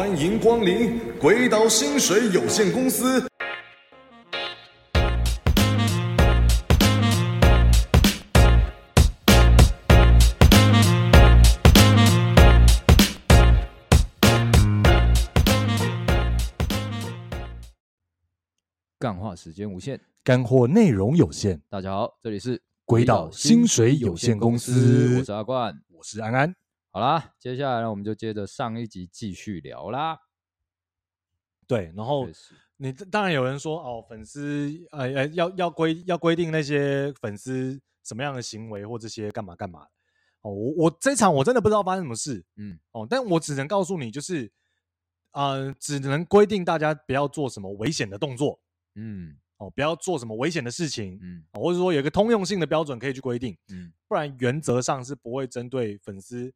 歡迎光臨鬼島薪水有限公司。幹話時間無限，乾貨內容有限。大家好，這裡是鬼島薪水有限公司，我是阿冠，我是安安。好啦，接下來呢，我們就接着上一集繼續聊啦。對，然後你當然有人說哦，粉絲呃呃，要要規要規定那些粉絲什麼樣的行為或這些幹嘛幹嘛哦。我我這場我真的不知道發生什麼事，嗯哦，但我只能告訴你，就是呃只能規定大家不要做什麼危險的動作，嗯哦，不要做什麼危險的事情，嗯、哦，或者說有一個通用性的標準可以去規定，嗯，不然原則上是不會針對粉絲。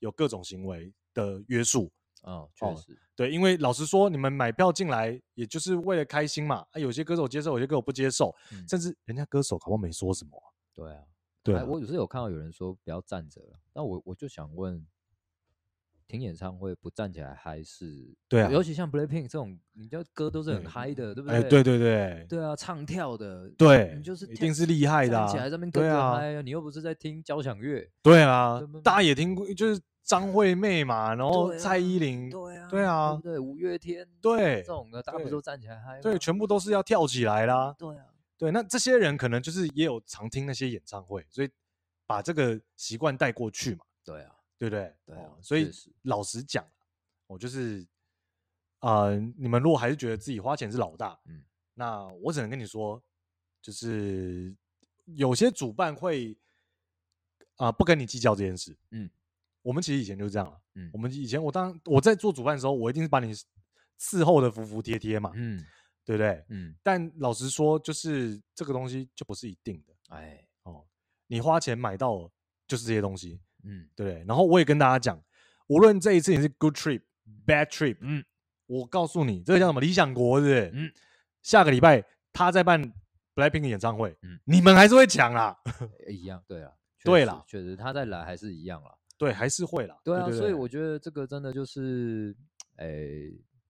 有各種行為的約束啊，確實、哦、對，因為老實說，你們買票進來也就是為了開心嘛。啊，有些歌手接受，有些歌手不接受，嗯、甚至人家歌手好像沒說什麼、啊。對啊，對啊，我有時候有看到有人說不要站着，那我我就想問。聽演唱會不站起來嗨是，對、啊，尤其像 Blackpink 這種，你就歌都是很嗨的，欸，對不對？欸、對對對，嗯、對啊，唱跳的，對，你就是一定是厲害的，啊，站起來在那邊跟着，啊啊、你又不是在聽交響樂，對啊，對對大家也聽過，就是張惠妹嘛，然後蔡依林，對啊，對五、啊啊、月天對，對，這種的大家不都站起來嗨？對，全部都是要跳起來啦對，啊，對啊，對，那這些人可能就是也有常聽那些演唱會，所以把這個習慣帶過去嘛，對啊。對不對？對、啊哦、所以老實講，我、哦、就是啊、呃，你們如果還是覺得自己花錢是老大，嗯，那我只能跟你說，就是有些主辦會啊、呃，不跟你計較這件事，嗯，我們其實以前就是這樣了、啊，嗯，我們以前我當我在做主辦的時候，我一定是把你伺候的服服帖帖嘛，嗯，對不對？嗯，但老實說，就是這個東西就不是一定的，哎，哦，你花錢買到就是這些東西。嗯，對。然後我也跟大家講，無論這一次你是 good trip、bad trip，嗯，我告訴你，這個叫什麼理想國，對不對？嗯，下個禮拜他在辦 Blackpink 演唱會，嗯，你們還是會搶啦、啊嗯，一樣，對啊，對了，確實他在來還是一樣了，對，還是會了，對啊，對，對，對啊，所以我覺得這個真的就是，哎，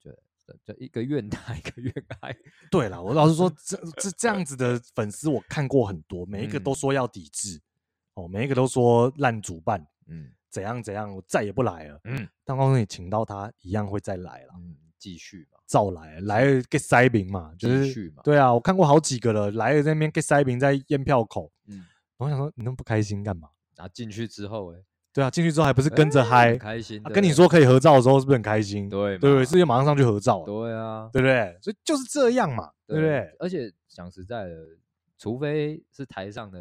對，對，對對一個願打一個願挨，對了、啊，我老實說， 這這這樣子的粉絲我看過很多，每一個都說要抵制。嗯嗯哦，每一個都說爛主辦，嗯，怎樣怎樣，我再也不來了。嗯，但告訴你，請到他一樣會再來啦，嗯，繼續嘛，照來，來了給塞賓嘛，就是繼續嘛，對啊，我看過好幾個了，來了在那邊給塞餅在驗票口，嗯，我想說你那麼不開心幹嘛？然後進去之後、欸，誒。對啊，進去之後還不是跟着嗨、欸，開心、啊啊。跟你說可以合照的時候，是不是很開心？對，對，不對，所以馬上上去合照。對啊，對不對，對？所以就是這樣嘛，對，對不對，對？而且講實在的，除非是台上的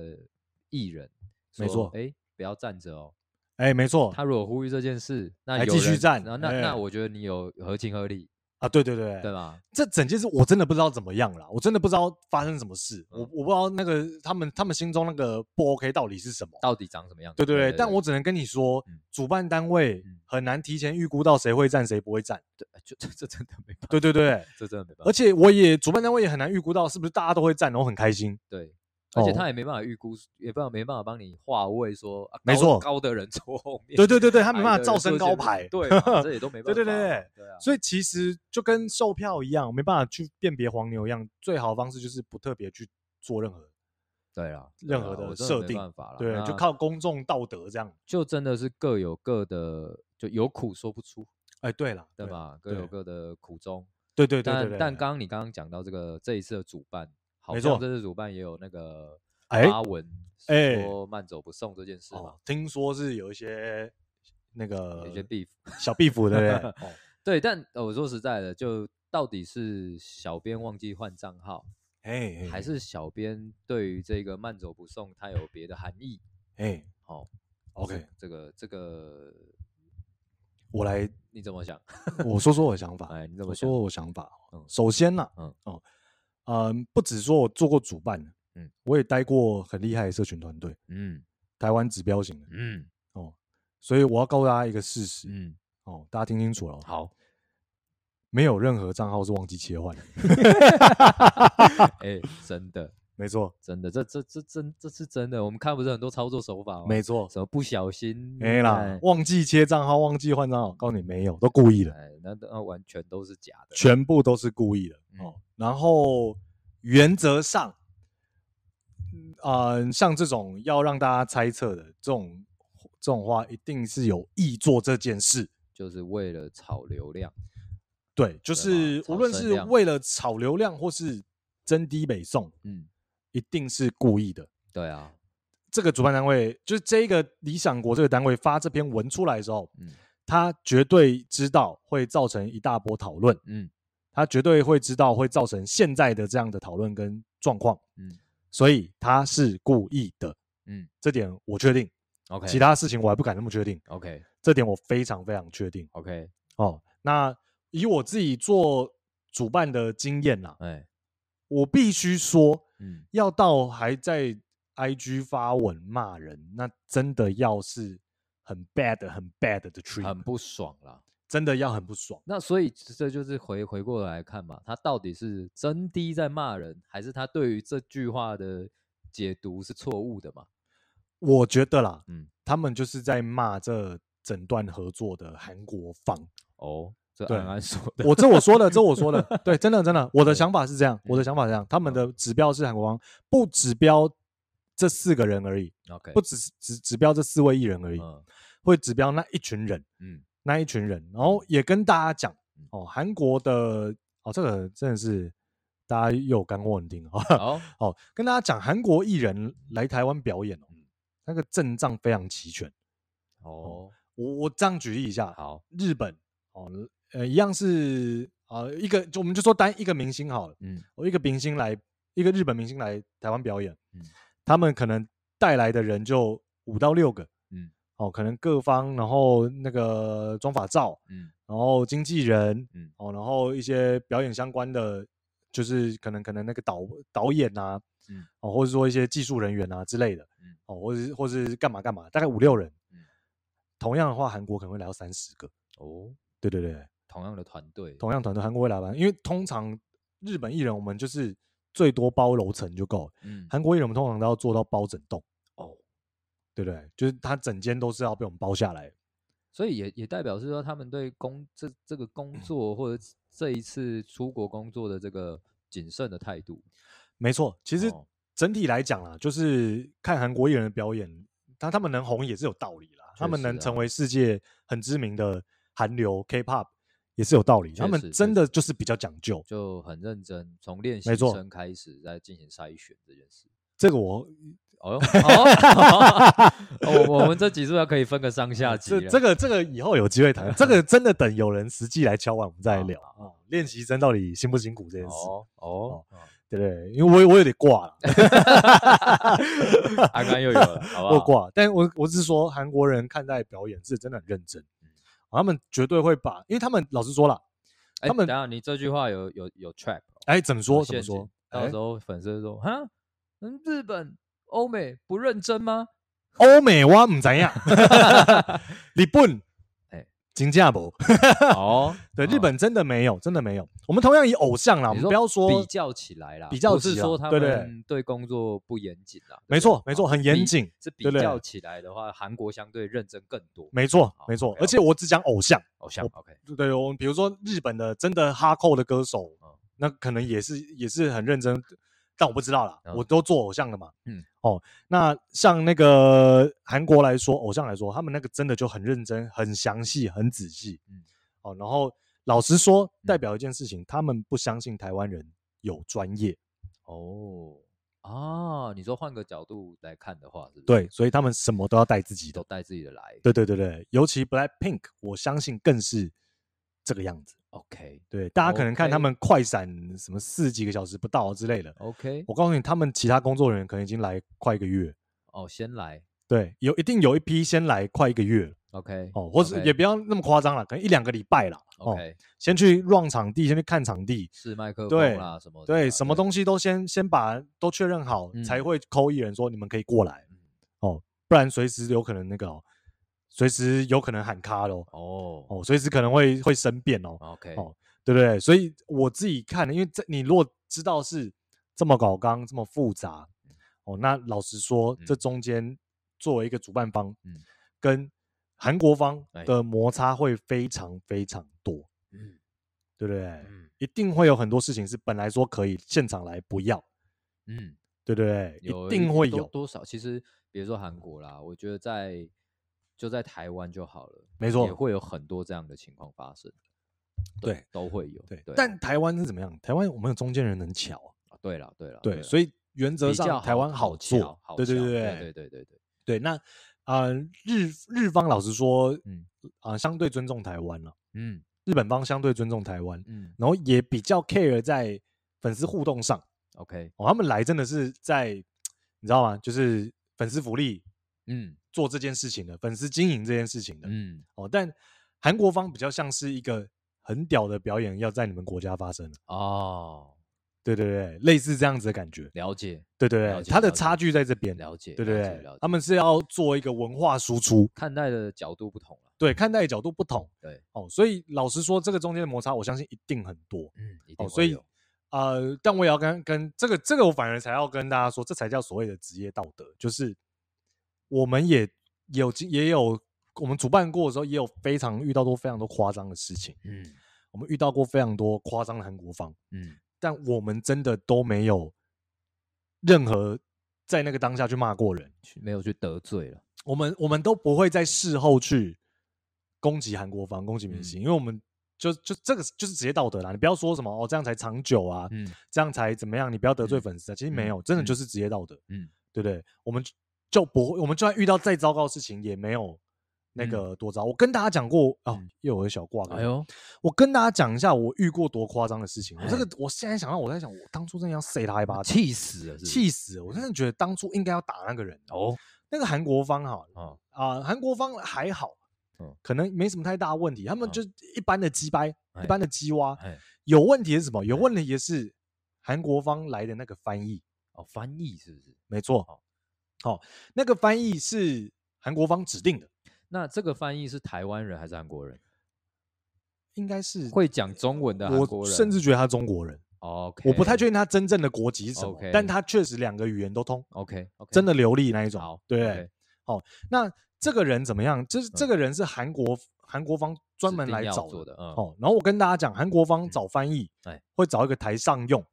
藝人。沒錯，哎，不要站着哦，哎，沒錯。他如果呼籲這件事，那還繼續站，那對對對，那，那我覺得你有合情合理啊，對對對，對吧？這整件事我真的不知道怎麼樣了，我真的不知道發生什麼事，嗯、我我不知道那個他們他們心中那個不 OK 到底是什麼，到底長什麼樣對不對？對對對，但我只能跟你說、嗯，主辦單位很難提前預估到誰會站，誰不會站，嗯、對，就這這真的沒辦法，對對對，這真的沒辦法。而且我也主辦單位也很難預估到是不是大家都會站，然後很開心，對。而且他也沒辦法預估，oh. 也沒辦法幫你劃位說，說、啊、沒錯，高的人坐後面，對對對對，他沒辦法照身高排，就是、對，這也都沒辦法，辦法， 對對對對，對、啊，所以其實就跟售票一樣，沒辦法去辨別黃牛一樣，最好的方式就是不特別去做任何，對啊，任何的設定，對，啦辦法啦對啦，就靠公眾道德這樣，就真的是各有各的，就有苦說不出，哎、欸，對了，對吧對？各有各的苦衷，對對對對，對，對，但但剛剛你剛剛講到這個這一次的主辦。沒錯，這次主辦也有那個發文，說“慢走不送”這件事嘛、哦。聽說是有一些那個一些 beef、小 beef 對不對？ 哦、對，但我、哦、說實在的，就到底是小編忘記換賬號嘿嘿，還是小編對於這個“慢走不送”它有別的含義？哎、好、哦、OK，這個這個，我來，你怎麼想？我說說我想法，哎，你怎麼想？我說我想法，首先呢、啊，嗯，嗯嗯嗯、呃，不止說我做過主辦，嗯，我也待過很厲害的社群團隊，嗯，台灣指標型的，嗯，哦，所以我要告訴大家一個事實，嗯，哦，大家聽清楚了、哦嗯，好，沒有任何賬號是忘記切換的、嗯，哎、 欸，真的。沒錯，真的，這這這真，這，這，這，這是真的。我們看不是很多操作手法嗎？沒錯，什麼不小心沒了，哎，忘記切賬號，忘記換賬號，告訴你沒有，都故意的，哎。那那完全都是假的，全部都是故意的哦，嗯。然後原則上，嗯、呃，像這種要讓大家猜測的這種這種話，一定是有意做這件事，就是為了炒流量。對，就是無論是為了炒流量，或是真的沒送。嗯。一定是故意的。對啊，這個主辦單位就是這個理想國這個單位發這篇文出來的時候，嗯，他絕對知道會造成一大波討論，嗯，他絕對會知道會造成現在的這樣的討論跟狀況，嗯，所以他是故意的，嗯，這點我確定。OK，其他事情我還不敢那麼確定。OK，這點我非常非常確定。OK，哦，那以我自己做主辦的經驗吶、啊，哎、欸。我必須說，嗯，要到還在 I G 發文罵人，那真的要是很 bad 很 bad 的 tree，很不爽啦，真的要很不爽。那所以這就是回回過來看嘛，他到底是真的在罵人，還是他對於這句話的解讀是錯誤的嘛？我覺得啦，嗯，他們就是在罵這整段合作的韓國方哦。暗暗說對， 我這我說的，這我說的，對，真的真的，我的想法是這樣，okay. 我的想法是這樣，okay. 他們的指標是韓國方不指標這四個人而已，OK，不只指指標這四位藝人而已、嗯，會指標那一群人，嗯，那一群人，然後也跟大家講哦，韓國的哦，這個真的是大家又有乾貨能聽啊，好、oh. 哦，跟大家講韓國藝人來台灣表演哦、嗯，那個陣仗非常齊全，oh. 哦，我我這樣舉例一下，好，日本哦。嗯呃，一樣是啊、呃，一個就我們就說單一個明星好了，嗯，一個明星來，一個日本明星來台灣表演，嗯，他們可能帶來的人就五到六個，嗯，哦，可能各方，然後那個妝髮照，嗯，然後經紀人，嗯，哦，然後一些表演相關的，就是可能可能那個導導演啊，嗯，哦，或者說一些技術人員啊之類的，嗯，哦，或者或是幹嘛幹嘛，大概五六人，嗯，同樣的話，韓國可能會來到三十個，哦，對對對。同樣的團隊，同樣的團隊，韓國會來玩，因為通常日本藝人，我們就是最多包樓層就夠了。嗯，韓國藝人我們通常都要做到包整棟哦，對不對？就是他整間都是要被我們包下來。所以也也代表是說，他們對工這這個工作或者這一次出國工作的這個謹慎的態度。嗯、沒錯，其實整體來講啊、哦，就是看韓國藝人的表演，他他們能紅也是有道理啦、啊。他們能成為世界很知名的韓流 K-pop。也是有道理，他們真的就是比較講究，就很認真，從練習生開始在進行篩選這件事。這個我，哦，我、 哦 哦哦、 我們這集不是要可以分個上下集啦？這個這個以後有機會談， 這個真的等有人實際來敲碗，我們再來聊。練習生到底辛不辛苦這件事？哦，對、哦、對、哦哦哦哦哦，因為我我有點掛了，阿、 啊、剛，剛又有了，好好 我掛，但我我是說韓國人看待表演是真的很認真。他們絕對會把，因為他們老實說了、欸，他們等下，你這句話有有有 track，哎、欸，怎麼說、呃、怎麼說？到時候粉絲說，哈、欸，日本、歐美不認真嗎？歐美我唔怎樣， 日本。新加坡哦， 對哦，日本真的沒有，真的沒有。我們同樣以偶像啦，我們不要說比較起來啦，比較是說他們對工作不嚴謹啦。沒錯，沒錯、哦，很嚴謹。這比較起來的話，韓國相對認真更多。沒錯、哦，沒錯。Okay、而且我只講偶像，偶像 OK 對。對我們比如說日本的真的哈扣的歌手、嗯，那可能也是也是很認真，但我不知道啦，嗯、我都做偶像的嘛，嗯。哦，那像那個韓國來說，偶像來說，他們那個真的就很認真、很詳細、很仔細，嗯，哦，然後老實說，代表一件事情，他們不相信台灣人有專業。哦，啊，你說換個角度來看的話是不是，對，所以他們什麼都要帶自己的，都帶自己的來，對對對對，尤其 Black Pink，我相信更是這個樣子。OK，對，大家可能看他們快閃什麼四十幾個小時不到之類的。OK，我告訴你，他們其他工作人員可能已經來快一個月。哦、oh，先來。對，有一定有一批先來快一個月。OK，哦，或者也不要那麼誇張了，可能一兩個禮拜了。OK，哦、先去 run 場地，先去看場地，okay. 試麥克風啦什麼，對，什麼東西都先先把都確認好，嗯、才會 call 藝人說你們可以過來、嗯。哦，不然隨時有可能那個、哦。隨時有可能喊卡囉哦、oh. 哦，隨時可能會會生變哦。OK 哦，對不對,對？所以我自己看，因為這你如果知道是這麼搞，剛這麼複雜哦，那老實說，嗯、這中間作為一個主辦方，嗯、跟韓國方的摩擦會非常非常多，欸、對不對,對、嗯？一定會有很多事情是本來說可以現場來不要，嗯，對對對，一定會有多,多少？其實比如說韓國啦，我覺得在。就在台灣就好了，沒錯，也會有很多這樣的情況發生，對，對，都會有，對，對但台灣是怎麼樣？台灣我們有中間人能喬，對了，對了，對，對，對，所以原則上台灣好做，對對對對對對對對。對對對對對那，啊、呃，日日方，老實說，嗯、啊、呃，相對尊重台灣了、啊，嗯，日本方相對尊重台灣，嗯，然後也比較 care 在粉絲互動上，OK，嗯、哦、他們來真的是在你知道嗎？就是粉絲福利，嗯。做這件事情的粉絲經營這件事情的，嗯，哦，但韓國方比較像是一個很屌的表演，要在你們國家發生的哦，對對對，類似這樣子的感覺，了解，對對對，他的差距在這邊，了解，對對對他，他們是要做一個文化輸出，看待的角度不同了、啊，對，看待的角度不同、嗯，對，哦，所以老實說，這個中間的摩擦，我相信一定很多，嗯，哦，一定所以，呃，但我也要跟跟這個這個，我反而才要跟大家說，這才叫所謂的職業道德，就是。我們也有經也有，也有我們主辦過的時候，也有非常遇到過非常多誇張的事情。嗯，我們遇到過非常多誇張的韓國方。嗯，但我們真的都沒有任何在那個當下去罵過人，沒有去得罪了。我們我們都不會在事後去攻擊韓國方、攻擊明星、嗯，因為我們就就，就這個就是職業道德啦。你不要說什麼哦，這樣才長久啊、嗯，這樣才怎麼樣？你不要得罪粉絲啊。其實沒有，嗯、真的就是職業道德。嗯，對不對？我們。就不會，我們就算遇到再糟糕的事情，也沒有那個多糟。嗯、我跟大家講過哦，又有個小掛了。哎呦，我跟大家講一下，我遇過多誇張的事情。哎、我這個，我現在想到，我在想，我當初真的要塞他一巴掌，氣死了是不是，氣死了！我真的覺得當初應該要打那個人哦。那個韓國方哈，啊、哦，呃、韓國方還好，可能沒什麼太大問題。他們就一般的雞掰、哎，一般的雞歪、哎。有問題是什麼？有問題也是韓國方來的那個翻譯哦，翻譯是不是？沒錯。好、哦，那個翻譯是韓國方指定的。那這個翻譯是台灣人還是韓國人？應該是會講中文的韓國人，我甚至覺得他是中國人。哦、okay.，我不太確定他真正的國籍是什麼，okay. 但他確實兩個語言都通 okay. Okay.。OK，真的流利那一種。Okay. 對，好、okay. 哦，那這個人怎麼樣？就是這個人是韓國韓、嗯、國方專門來找的，做的、嗯。哦，然後我跟大家講，韓國方找翻譯，哎、嗯，會找一個台上用。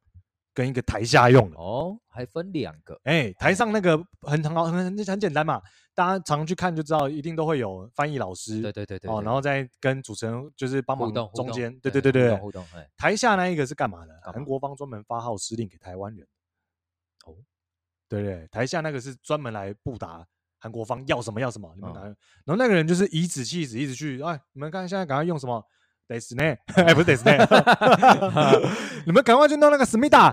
跟一個台下用的哦，還分兩個，哎、欸，台上那個很很好、哦，很很,很,很簡單嘛，大家常去看就知道，一定都會有翻譯老師、欸，對對對,對,對,對,對,對,對哦，然後再跟主持人就是幫忙互動，中間，對,對對對對，互動,互動,互動台下那一個是幹嘛的？嘛韓國方專門發號施令給台灣人，哦，對對，台下那個是專門來布達韓國方要什麼要什麼，你們、嗯，然後那個人就是頤指氣使一直去，哎，你們看現在趕快用什麼？得死呢？哎，不是得死呢！你們趕快去弄那個思密達，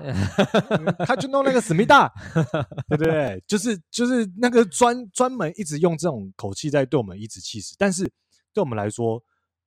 他就弄那個思密達，對不對？就是就是那個專專門一直用這種口氣在對我們頤指氣使，但是對我們來說，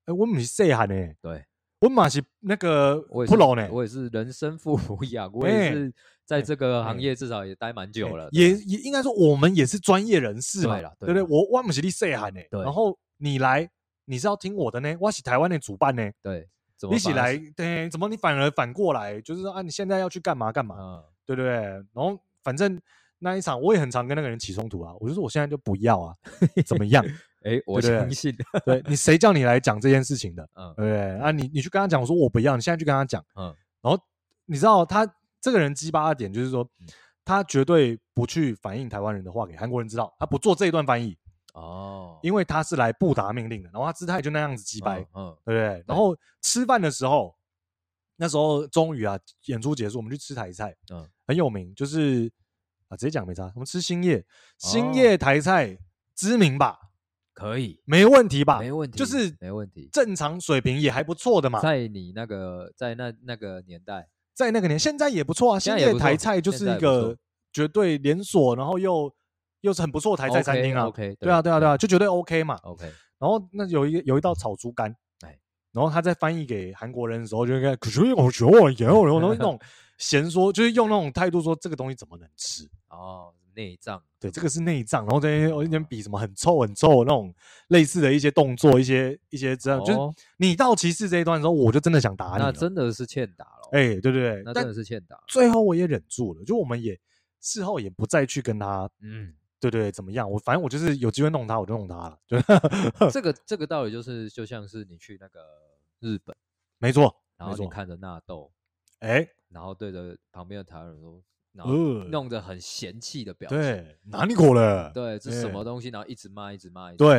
哎、欸，我馬是厲害呢。對，我馬是那個不老呢，我也是人生父母養，我也是在這個行業至少也待蠻久了，也也應該說我們也是專業人士嘛，對不對？我萬馬是厲害呢，然後你來。你是要聽我的呢？我是台灣的主辦呢，對，一起來，對，怎麼你反而反過來？就是說啊，你現在要去幹嘛幹嘛？嗯、對不對，對？然後反正那一場我也很常跟那個人起衝突啊，我就說，我現在就不要啊， 怎麼樣？哎、欸，我相信，對、對、對，你誰叫你來講這件事情的？嗯、對、對、對，啊、嗯，你你去跟他講，我說我不要，你現在去跟他講、嗯，然後你知道他這個人雞巴的點就是說，他絕對不去反映台灣人的話給韓國人知道，他不做這一段翻譯。哦，因為他是來佈達命令的、嗯，然後他姿態就那樣子擊敗，嗯，嗯，對不對，對？然後吃飯的時候，那時候終於啊，演出結束，我們去吃台菜，嗯，很有名，就是啊，直接講沒差，我們吃欣葉欣葉，台菜知名吧，可以，沒問題吧？沒問題，就是沒問題，正常水平也還不錯的嘛，在你那個在那那個年代，在那個年，現在也不錯啊，欣葉台菜就是一個絕對連鎖，然後又。又是很不錯的台菜餐廳啊，okay, okay, 對，對，啊對，啊對啊，對啊，對啊，就絕對 OK 嘛。OK，然後那有一有一道炒豬肝，然後他在翻譯給韓國人的時候，就可是我覺得我 然後那種嫌說，就是用那種態度說這個東西怎麼能吃？哦，內臟，對，對這個是內臟，然後在有點比什麼很臭很臭那種類似的一些動作，一些一些這樣，哦，就是你到歧視這一段的時候，我就真的想打你，那真的是欠打了，哎，欸，對對對，那真的是欠打，欠打。最後我也忍住了，就我們也事後也不再去跟他，嗯。對，對對，怎麼樣？我反正我就是有機會弄他，我就弄他了。對、 這個，這個這個道理就是，就像是你去那個日本，沒錯，然後你看着納豆，哎，然後對着旁邊的台人說，然後弄着很嫌棄的表情，對，哪裡過了？對，是什麼東西？然後一直罵，一直罵，一直罵。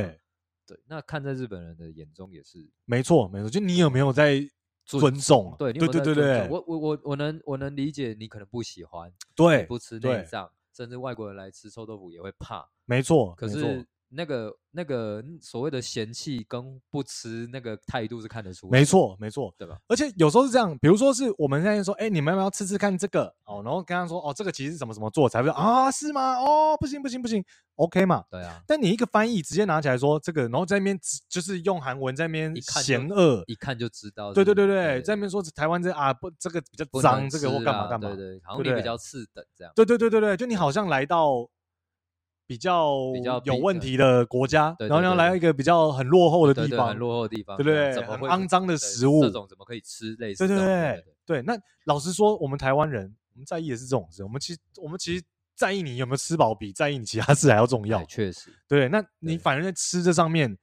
對，那看在日本人的眼中也是沒錯，沒錯。就你有沒有在尊重？對，對，對，對，對，對，我，我，我，我能，我能理解你可能不喜歡，對，不吃內臟。甚至外國人來吃臭豆腐也會怕，沒錯。可是。那個那個所謂的嫌棄跟不吃那個態度是看得出，沒錯沒錯，對吧？而且有時候是這樣，比如說是我們現在說，哎，你們要不要吃吃看這個哦？然後跟他說，哦，這個其實是什麼什麼做才會啊？是嗎？哦，不行不行不行，OK 嘛？對啊。但你一個翻譯直接拿起來說這個，然後在那邊就是用韓文在那邊一看嫌惡，一看就知道。對對對對，對，對，在那邊說台灣這啊不這個比較髒，啊，這個或幹嘛幹嘛，對對，然後你比較次等這樣。對對對對對，就你好像來到。比較有問題的國家，對對對對，然後你要來一個比較很落後的地方，對對對，很落後的地方，對不對，對？啊、對對對，很骯髒的食物，這種怎麼可以吃？類似對對對對。那老實說，我們台灣人，我們在意的是這種事。我們其實我們其實在意你有沒有吃飽，比在意你其他事還要重要。確、欸、實，對。那對你反而在吃這上面，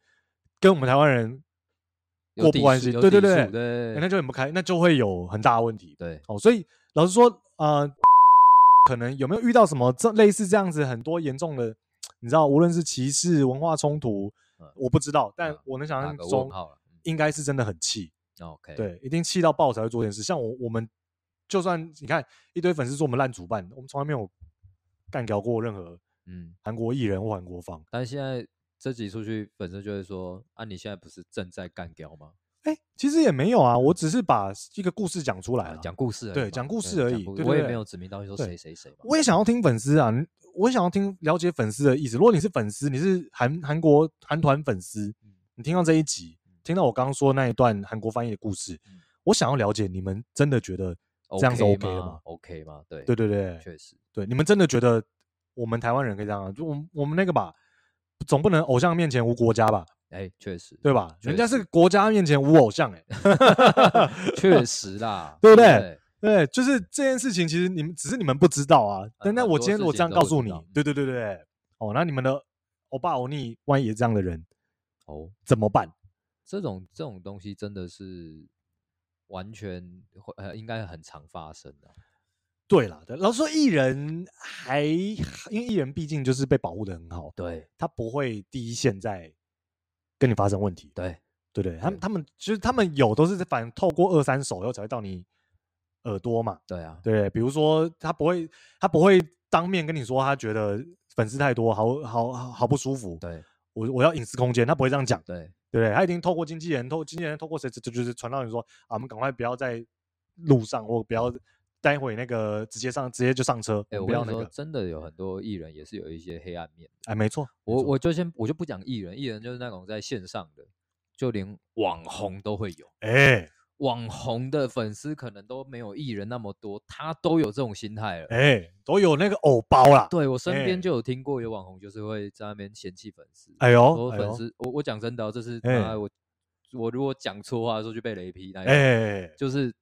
跟我們台灣人過不關係。對對對，對對對對對對欸、那就很不開，那就會有很大的問題。對哦，所以老實說，啊、呃。可能有沒有遇到什麼這類似這樣子很多嚴重的，你知道，無論是歧視、文化衝突、嗯，我不知道，但我能想象中，應該是真的很氣。OK，、嗯嗯、對，一定氣到爆才會做點件事。像我們、嗯、我們，就算你看一堆粉絲說我們爛主辦，我們從來沒有幹掉過任何嗯韓國藝人或韓國方。嗯、但是現在這集出去，粉絲就會說啊，你現在不是正在幹掉嗎？哎、欸，其實也沒有啊，我只是把一個故事講出來、啊，講故事，對，講故事而已，對，講故事而已，對對對。我也沒有指名道姓說誰誰誰。我也想要聽粉絲啊，我也想要聽了解粉絲的意思。如果你是粉絲，你是韓韓國韓團粉絲、嗯，你聽到這一集，嗯、聽到我剛剛說的那一段韓國翻譯的故事、嗯，我想要了解你們真的覺得這樣子 OK 嗎？okay 嗎？OK 嗎？對對對對，確實，對你們真的覺得我們台灣人可以這樣、啊？我我們那個吧，總不能偶像面前無國家吧？哎、欸，確實，對吧？人家是國家面前無偶像，欸，哎 確實啦 對對，對不對？對不對，就是這件事情，其實你們只是你們不知道啊。但那我今天我這樣告訴你，對對對對對，哦，那你們的歐巴歐尼萬一，也這樣的人，哦，怎麼辦？這種這種東西真的是完全會，呃，應該很常發生的。對啦，老實說藝人還因為藝人畢竟就是被保護得很好，對他不會第一線在。跟你發生問題，對對對，對，對，他們他們其實他們有都是反透過二三手，然後才會到你耳朵嘛，對啊，對，對，對，比如說他不會他不會當面跟你說，他覺得粉絲太多，好好好不舒服，對我我要隱私空間，他不會這樣講，對對，對對，他一定透過經紀人，人，透過經紀人，透過誰，就就是傳到你說啊，我們趕快不要在路上，我不要。嗯待會那個直接上，直接就上車。欸、我不要、那個我跟你說真的，有很多藝人也是有一些黑暗面。哎、欸，沒錯，我我就先我就不講藝人，藝人就是那種在線上的，就連網紅都會有。哎、欸，網紅的粉絲可能都沒有藝人那麼多，他都有這種心態了。哎、欸，都有那個偶包啊。對，我身邊就有聽過有網紅就是會在那邊嫌棄粉絲。哎、欸欸、呦，粉絲，我我講真的哦，就是啊、欸，我我如果講錯話的時候就被雷劈來。欸、那一種就是。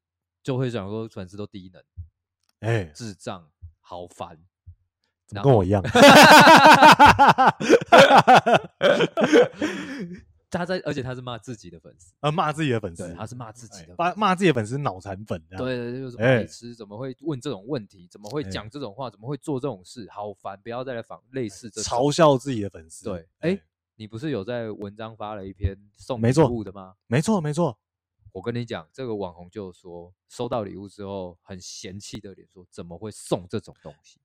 就會想說粉絲都低能、欸，智障，好煩，跟我一樣。 他在，而且他是罵自己的粉絲，呃，罵自己的粉絲，他是罵自己的，罵罵自己的粉絲腦殘粉。對對對，就是哎，吃、欸、怎麼會問這種問題？怎麼會講這種話、欸？怎麼會做這種事？好煩！不要再來仿類似這種、欸，嘲笑自己的粉絲。對，哎、欸欸，你不是有在文章發了一篇送禮物的嗎？沒錯，沒錯。我跟你講，這個網紅就說收到禮物之後很嫌棄的臉說：“怎麼會送這種東西？”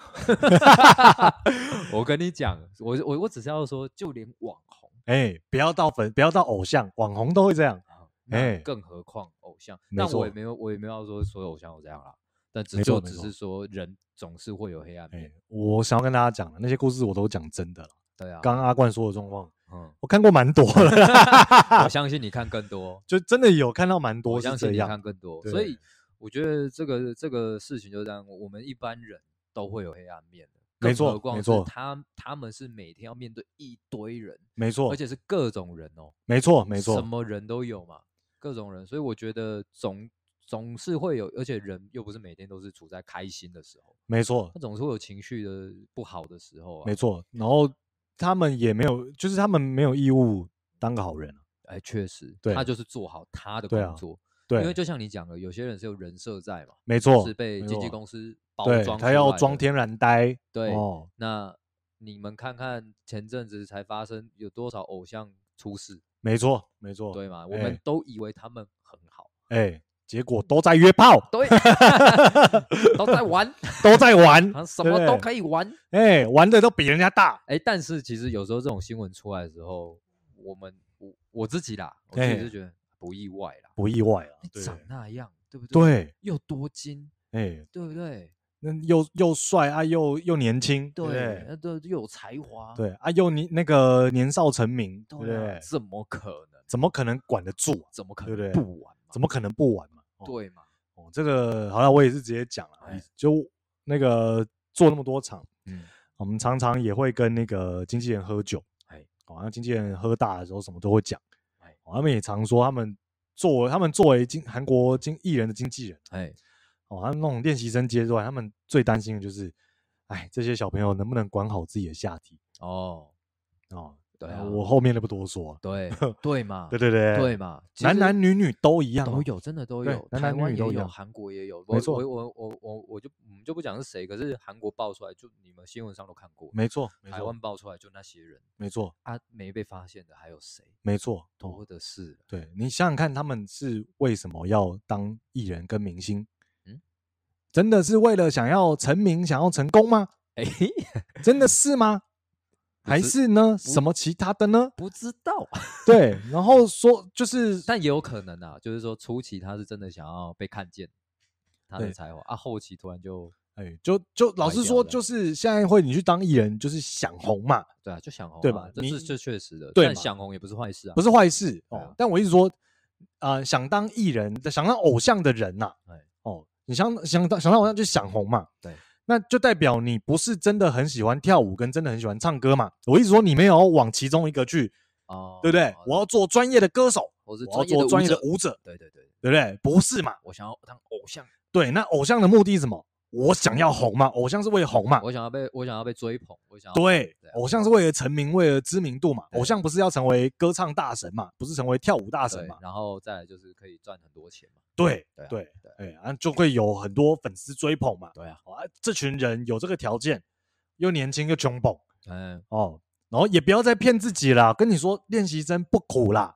我跟你講，我我我只是要說，就連網紅哎、欸，不要到粉，不要到偶像，網紅都會這樣哎，啊、更何況偶像。那、欸、但我也沒有，我也沒有要說所有偶像都這樣啦、啊，但只就只是說人總是會有黑暗面。欸、我想要跟大家講的那些故事，我都講真的了。對啊。剛阿冠說的狀況。嗯，我看過蠻多的。 我相信你看更多，就真的有看到蠻多，我相信你看更多，所以我覺得這個這個事情就是這樣，我們一般人都會有黑暗面的，沒錯，更何況是他，沒錯，他他們是每天要面對一堆人，沒錯，而且是各種人哦、喔，沒錯，沒錯，什麼人都有嘛，各種人，所以我覺得總總是會有，而且人又不是每天都是處在開心的時候，沒錯，他總是會有情緒的不好的時候啊，沒錯，然後。他們也沒有，就是他們沒有義務當個好人哎、啊，確實對，他就是做好他的工作對、啊。對，因為就像你講的，有些人是有人設在嘛。沒錯。是被經紀公司包裝出來他要裝天然呆。對、哦。那你們看看前陣子才發生有多少偶像出事？沒錯，沒錯。對嘛、哎？我們都以為他們很好。哎。結果都在約炮，對， 都在玩，都在玩，什麼都可以玩。哎、欸，玩的都比人家大。哎、欸，但是其實有時候這種新聞出來的時候，我們我我自己啦，我其實覺得不意外啦，不意外啦。你長那樣，對不對？對，又多金，哎，對不對？那又又帥啊，又又年輕，對，那都又有才華，對啊，又年那個年少成名對、啊，對，怎麼可能？怎麼可能管得住、啊？怎麼可能不玩？怎麼可能不玩嘛？對嘛？哦哦、這個好了，我也是直接講了，哎、就那個做那麼多場、嗯啊，我們常常也會跟那個經紀人喝酒，哎、好、啊、像經紀人喝大的時候，什麼都會講、哎啊，他們也常說他，他們作為他們作為經韓國經藝人的經紀人，哎，哦、啊，他們那種練習生階段，他們最擔心的就是，哎，這些小朋友能不能管好自己的下體？哦，哦、啊。對、啊啊、我後面的不多說、啊。對對嘛， 對對對對嘛，男男女女都一樣。都有真的都有男男女女都，台灣也有，韓國也有。沒錯，我我我我我就我們就不講是誰，可是韓國爆出來就你們新聞上都看過。沒錯，台灣爆出來就那些人。沒錯，啊，沒被發現的還有誰？沒錯，多的是。對，你想想看，他們是為什麼要當藝人跟明星？嗯，真的是為了想要成名、想要成功嗎？哎， 真的是嗎？是還是呢？什麼其他的呢？不,不知道 。對，然後說就是， 但也有可能啊，就是說初期他是真的想要被看見他的才華啊，後期突然就哎，欸、就就老實說，就是現在會你去當藝人，就是想紅嘛，對啊，就想紅、啊，對吧？這是這確實的，對，想紅也不是壞事啊，不是壞事哦。啊、但我一直說啊、呃，想當藝人、想當偶像的人吶，哎哦，你想想當想當偶像就想紅嘛，對。那就代表你不是真的很喜歡跳舞，跟真的很喜歡唱歌嘛？我一直說你沒有往其中一個去，哦、呃，對不對？我要做專業的歌手，我是做我要做專業的舞者，對對對，對不對？不是嘛？我想要當偶像。對，那偶像的目的是什麼？我想要紅嘛，偶像是為了紅嘛，我想要被我想要被追捧，我想要對偶、啊、像是為了成名，為了知名度嘛，偶像不是要成為歌唱大神嘛，不是成為跳舞大神嘛，然後再來就是可以賺很多錢嘛，對對對、啊、對，對對對對啊、就會有很多粉絲追捧嘛，對啊，啊，這群人有這個條件，又年輕又窮猛、啊，嗯哦，然後也不要再騙自己啦，跟你說練習生不苦啦，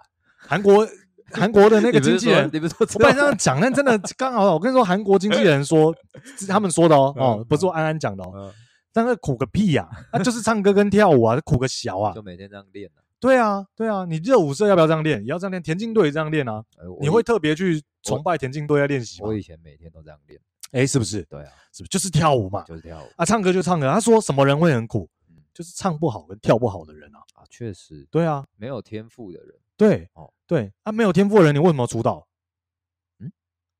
韓國。 韓國的那個經紀人，我不是，說你不是說這，我跟你這樣講，那真的剛好，我跟你說，韓國經紀人說 是他們說的哦，哦、嗯嗯，不是我安安講的哦、嗯。但是苦個屁呀、啊，那、 啊、就是唱歌跟跳舞啊，苦個小啊。就每天這樣練啊。對啊，對啊，你熱舞社要不要這樣練？也要這樣練，田徑隊也這樣練啊、欸。你會特別去崇拜田徑隊在練習嗎？我以前每天都這樣練。誒、欸、是不是？對啊，是不是？就是跳舞嘛，就是跳舞啊，唱歌就唱歌。他說什麼人會很苦？嗯、就是唱不好跟跳不好的人啊。啊，確實。對啊，沒有天賦的人。對、哦對啊，沒有天賦的人，你為什麼出道？嗯，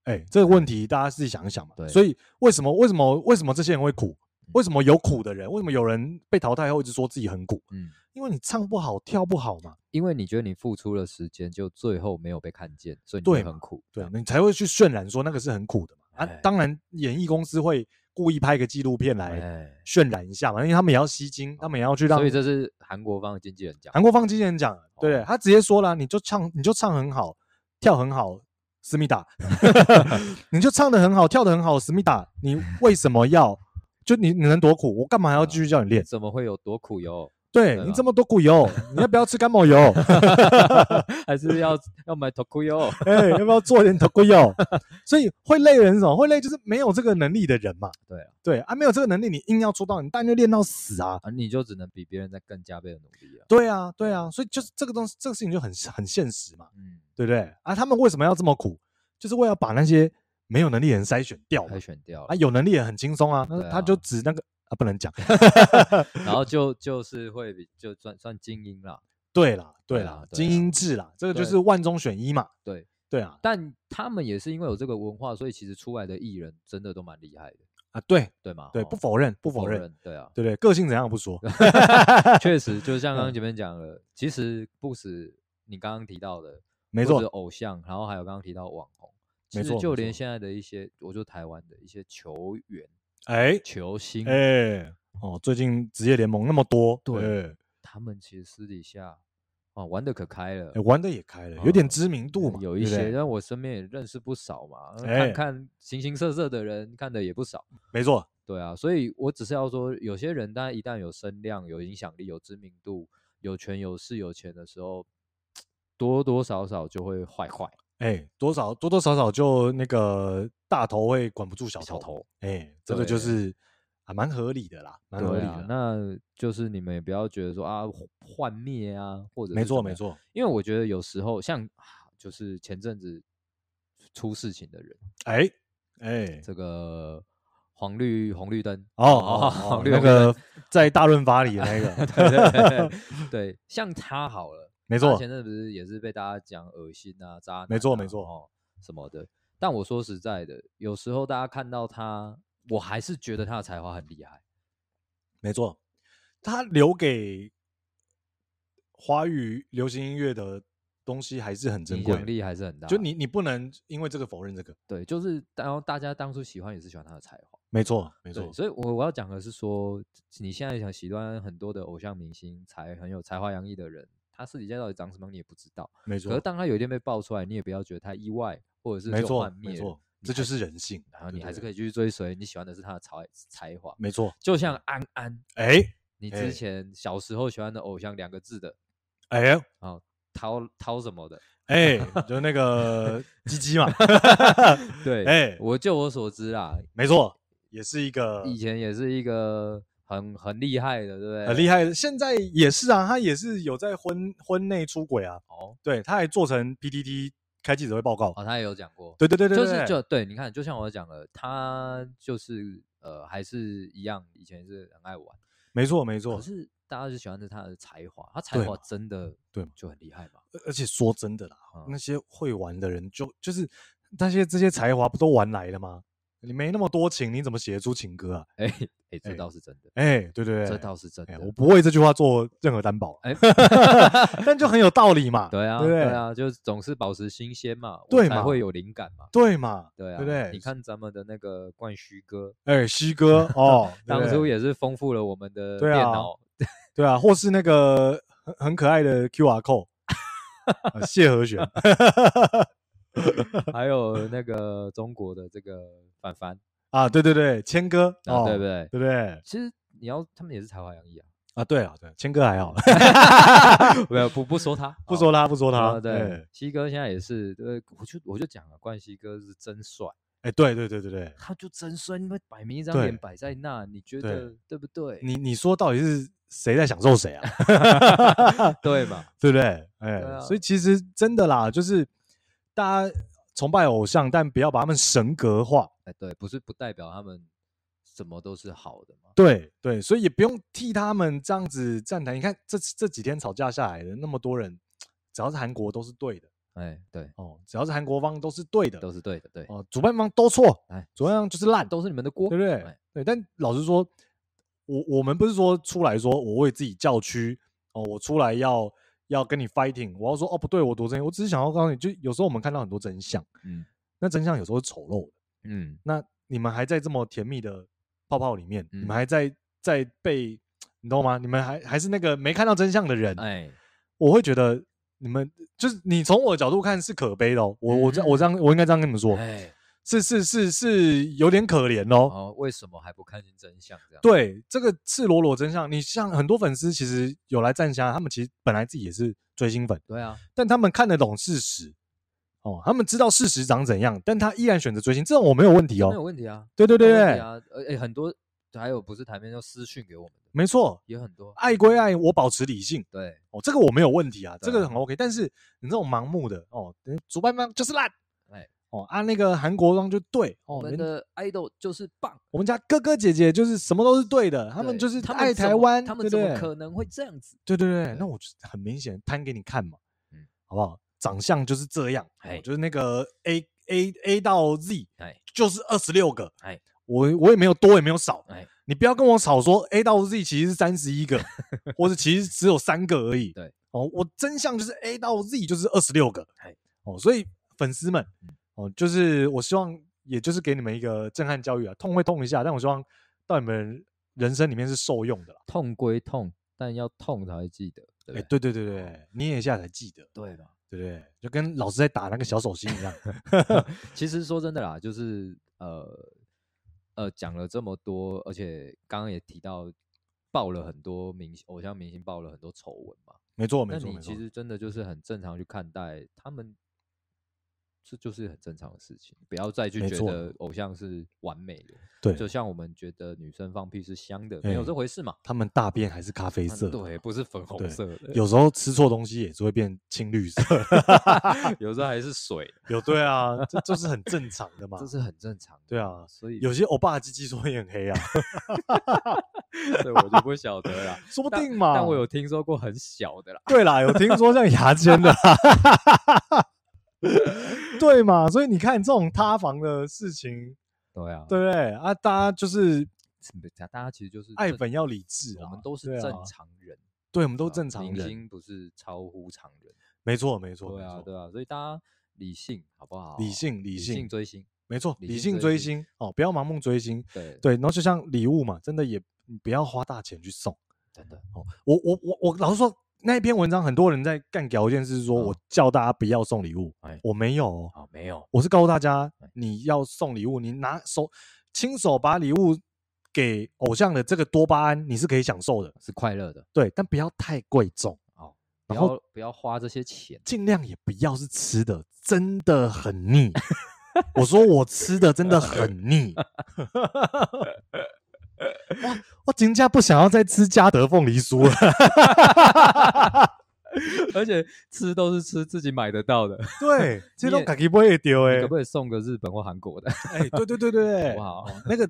哎、欸，這個問題大家自己想一想嘛。對，所以為什麼為什麼為什麼這些人會苦、嗯？為什麼有苦的人？為什麼有人被淘汰後一直說自己很苦？嗯，因為你唱不好，跳不好嘛。因為你覺得你付出的時間，就最後沒有被看見，所以你很苦。對，對、啊，你才會去渲染說那個是很苦的嘛。嗯、啊，當然，演藝公司會。故意拍個紀錄片來渲染一下嘛，哎、因為他們也要吸睛、哦，他們也要去讓。所以這是韓國方的經紀人講，韓國方經紀人講，對、哦、他直接說了，你就唱，你就唱很好，跳很好，思密達， 你就唱得很好，跳得很好，思密達，你為什麼要， 就你你能多苦，我幹嘛還要繼續叫你練？怎麼會有多苦喲？對，對、啊、你這麼多股油，你要不要吃干某油？ 還是要要買頭箍油？哎、 欸，要不要做一點頭箍油？ 所以會累的人是什麼？會累就是沒有這個能力的人嘛。對啊，對啊，沒有這個能力，你硬要出道你，你但願練到死啊，啊，你就只能比別人再更加倍的努力了、啊。對啊，對啊，所以就是這個東西，這個事情就很很現實嘛，嗯，對不對？啊，他們為什麼要這麼苦？就是為了把那些沒有能力的人篩選掉，篩選掉啊，有能力也很輕鬆啊，他、啊、他就指那個。啊、不能講， 然後就就是會比就算算精英啦。對啦，對啦，精英制啦，這個就是萬中選一嘛。對對啊，但他們也是因為有這個文化，所以其實出來的藝人真的都蠻厲害的啊。對對嗎？對不，不否認，不否認。對啊，對對，對，個性怎樣不說？確 實，就像剛剛前面講了，其實不止你剛剛提到的，沒錯，偶像，然後還有剛剛提到網紅，其實就連現在的一些，我就台灣的一些球員。哎，球星哎，哦，最近職業聯盟那麼多，對、欸，他們其實私底下哦、啊、玩的可開了，欸、玩的也開了，有點知名度嘛，嗯嗯、有一些，但我身邊也認識不少嘛，看看形形色色的人，欸、看的也不少，沒錯，對啊，所以我只是要說，有些人，他一旦有聲量、有影響力、有知名度、有權有勢、有錢的時候，多多少少就會壞壞。哎、欸，多少多多少少就那個大頭會管不住小頭，哎、欸，這個就是還蠻合理的啦，蠻合理的、啊。那就是你們也不要覺得說啊幻滅啊，或者，沒錯沒錯，因為我覺得有時候像就是前陣子出事情的人，哎、欸、哎、欸，這個黃綠紅綠燈哦哦，哦黃綠燈，那個在大潤發裡的那個， 對，對，對，對， 對，像他好了。沒錯，前陣子不是也是被大家講噁心啊、渣男啊，沒錯沒錯哈，什麼的。但我說實在的，有時候大家看到他，我還是覺得他的才華很厲害。沒錯，他留給華語流行音樂的東西還是很珍貴，影響力還是很大。就你，你不能因為這個否認這個。對，就是然後大家當初喜歡也是喜歡他的才華。沒錯沒錯，所以我我要講的是說，你現在想喜歡很多的偶像明星，才很有才華洋溢溢的人。他私底下到底長什麼，你也不知道。沒錯。可是當他有一天被爆出來，你也不要覺得他意外，或者是沒有幻滅，這就是人性。然後你還是可以繼續追隨你喜歡的是他的才才華。沒錯，就像安安、欸，你之前小時候喜歡的偶像兩個字的，哎、欸，啊，掏掏什麼的，哎、欸， 就那個雞雞嘛。 對，哎、欸，我就我所知啊，沒錯，也是一個以前也是一個。很很厲害的，對不對？很厲害的，現在也是啊，他也是有在婚婚內出軌啊。哦，對，他還做成 PPT 開記者會報告，哦，他也有講過。對對對對，就是就對，你看，就像我講的，他就是呃，還是一樣，以前是很愛玩，沒錯沒錯。可是大家就喜歡他的才華，他才華真的對就很厲害嘛，對嘛，對嘛。而且說真的啦，嗯、那些會玩的人就，就就是那些這些才華不都玩來了嗎？.你沒那麼多情，你怎麼寫得出情歌啊？哎、欸、哎、欸，這倒是真的。哎、欸，對，對對，這倒是真的。的、欸、我不為這句話做任何擔保。哎、欸， 但就很有道理嘛。對啊，對，對，對啊，就總是保持新鮮嘛，對，嘛才會有靈感嘛。對嘛，對啊，對對，對？你看咱們的那個冠希、欸、哥，哎，希哥哦， 當初也是豐富了我們的電腦、啊。對啊，對啊，或是那個很可愛的 Q R code 扣、 呃，謝和弦。 還有那個中國的這個凡凡啊，對對對，謙哥、哦、啊，對不對？對不對？其實你要他們也是才華洋溢啊啊，對啊，對謙哥還好， 沒有不不說他，不說他，不說他。哦，說他說他嗯、對希哥現在也是，呃，我就我就講了，冠希哥是真帥，哎、欸，對對對對對，他就真帥，因為擺明一張臉擺在那，你覺得對，對不對？你你說到底是誰在享受誰啊？ 對嘛？對不對，對？哎、欸啊，所以其實真的啦，就是。大家崇拜偶像，但不要把他們神格化。哎、欸，對，不是不代表他們什麼都是好的嗎？對對，所以也不用替他們這樣子站台。你看這這幾天吵架下來的那麼多人，只要是韓國都是對的。哎、欸，對哦，只要是韓國方都是對的，都是對的，對哦，主辦方都錯，哎、欸，主辦方就是爛，都是你們的鍋，對不對，對、欸？對。但老實說，我我們不是說出來說我為自己叫屈哦，我出來要。要跟你 fighting，我要說哦，不對，我讀真，我只是想要告訴你，就有時候我們看到很多真相，嗯，那真相有時候是醜陋的，嗯，那你們還在這麼甜蜜的泡泡裡面，嗯、你們還在在被，你知道嗎？你們還還是那個沒看到真相的人，哎，我會覺得你們就是你從我的角度看是可悲的哦，我我這我這樣我應該這樣跟你們說，哎是是是是有點可憐哦，哦，為什麼還不看清真相？這樣對這個赤裸裸真相，你像很多粉絲其實有來讚聲，他們其實本來自己也是追星粉，對啊，但他們看得懂事實哦，他們知道事實長怎樣，但他依然選擇追星，這種我沒有問題哦，沒有問題啊，對對對對啊、欸，很多還有不是台面，叫私訊給我們的，沒錯，有很多愛歸愛，我保持理性，對哦，這個我沒有問題啊，這個很 OK，啊、但是你這種盲目的哦，欸、主辦方就是爛，哎、欸。哦，按、啊、那個韓國裝就對哦，我們的 idol 就是棒，我們家哥哥姐姐就是什麼都是對的，對，他們就是愛台灣，他們怎麼可能會這樣子？對對對，那我就很明顯攤給你看嘛，嗯，好不好？長相就是這樣，嗯哦、就是那個 A A A, A 到 Z，哎，就是二十六個，哎、嗯，我我也沒有多也沒有少，哎、嗯，你不要跟我少說 A 到 Z 其實是三十一個， 或者其實只有三個而已，對，哦，我真相就是 A 到 Z 就是二十六個，哎、嗯、哦，所以粉絲們。嗯哦，就是我希望，也就是給你們一個震撼教育啊，痛會痛一下，但我希望到你們人生裡面是受用的啦。痛歸痛，但要痛才記得。哎、欸，對對對對、哦，捏一下才記得，對吧？對不對？就跟老師在打那個小手心一樣。嗯、 其實說真的啦，就是呃呃，講了這麼多，而且剛剛也提到爆了很多明星、偶像明星爆了很多醜聞嘛，沒錯沒錯。其實真的就是很正常去看待他們。這就是很正常的事情，不要再去覺得偶像是完美的。就像我們覺得女生放屁是香的，沒有這回事嘛、欸。他們大便還是咖啡色、啊，對，不是粉紅色的。有時候吃錯東西也是會變青綠色， 有時候還是水。有對啊， 這是很正常的嘛，這是很正常的。對啊，所以有些歐巴的雞雞說很黑啊， 對我就不曉得了啦， 說不定嘛但。但我有聽說過很小的啦， 對啦，有聽說像牙籤的。 對嘛，所以你看這種塌房的事情對啊，對不對啊？大家就是大家其實就是愛粉要理智，啊，我們都是正常人，對，啊，我們都正常人，啊、明星不是超乎常人。沒錯，沒錯，對啊，對啊，對啊。所以大家理性好不好理性？理性，理性追星，沒錯，理性追星，理性追星哦，不要盲目追星。對對，然後就像禮物嘛，真的也不要花大錢去送。真的哦，我我我我老實說。那一篇文章很多人在干條件是說，我叫大家不要送禮物、嗯，我沒有、哦、沒有，我是告訴大家，你要送禮物、嗯，你拿手親手把禮物給偶像的這個多巴胺，你是可以享受的，是快樂的，對，但不要太貴重、哦、不要然後不要花這些錢，儘量也不要是吃的，真的很膩。 我說我吃的真的很膩。 哇，我更加不想要再吃嘉德鳳梨酥了 而且吃都是吃自己買得到的。對， 也這都自己買得到耶，可不可以送個日本或韓國的？哎、 欸，對對對對對、哦，那個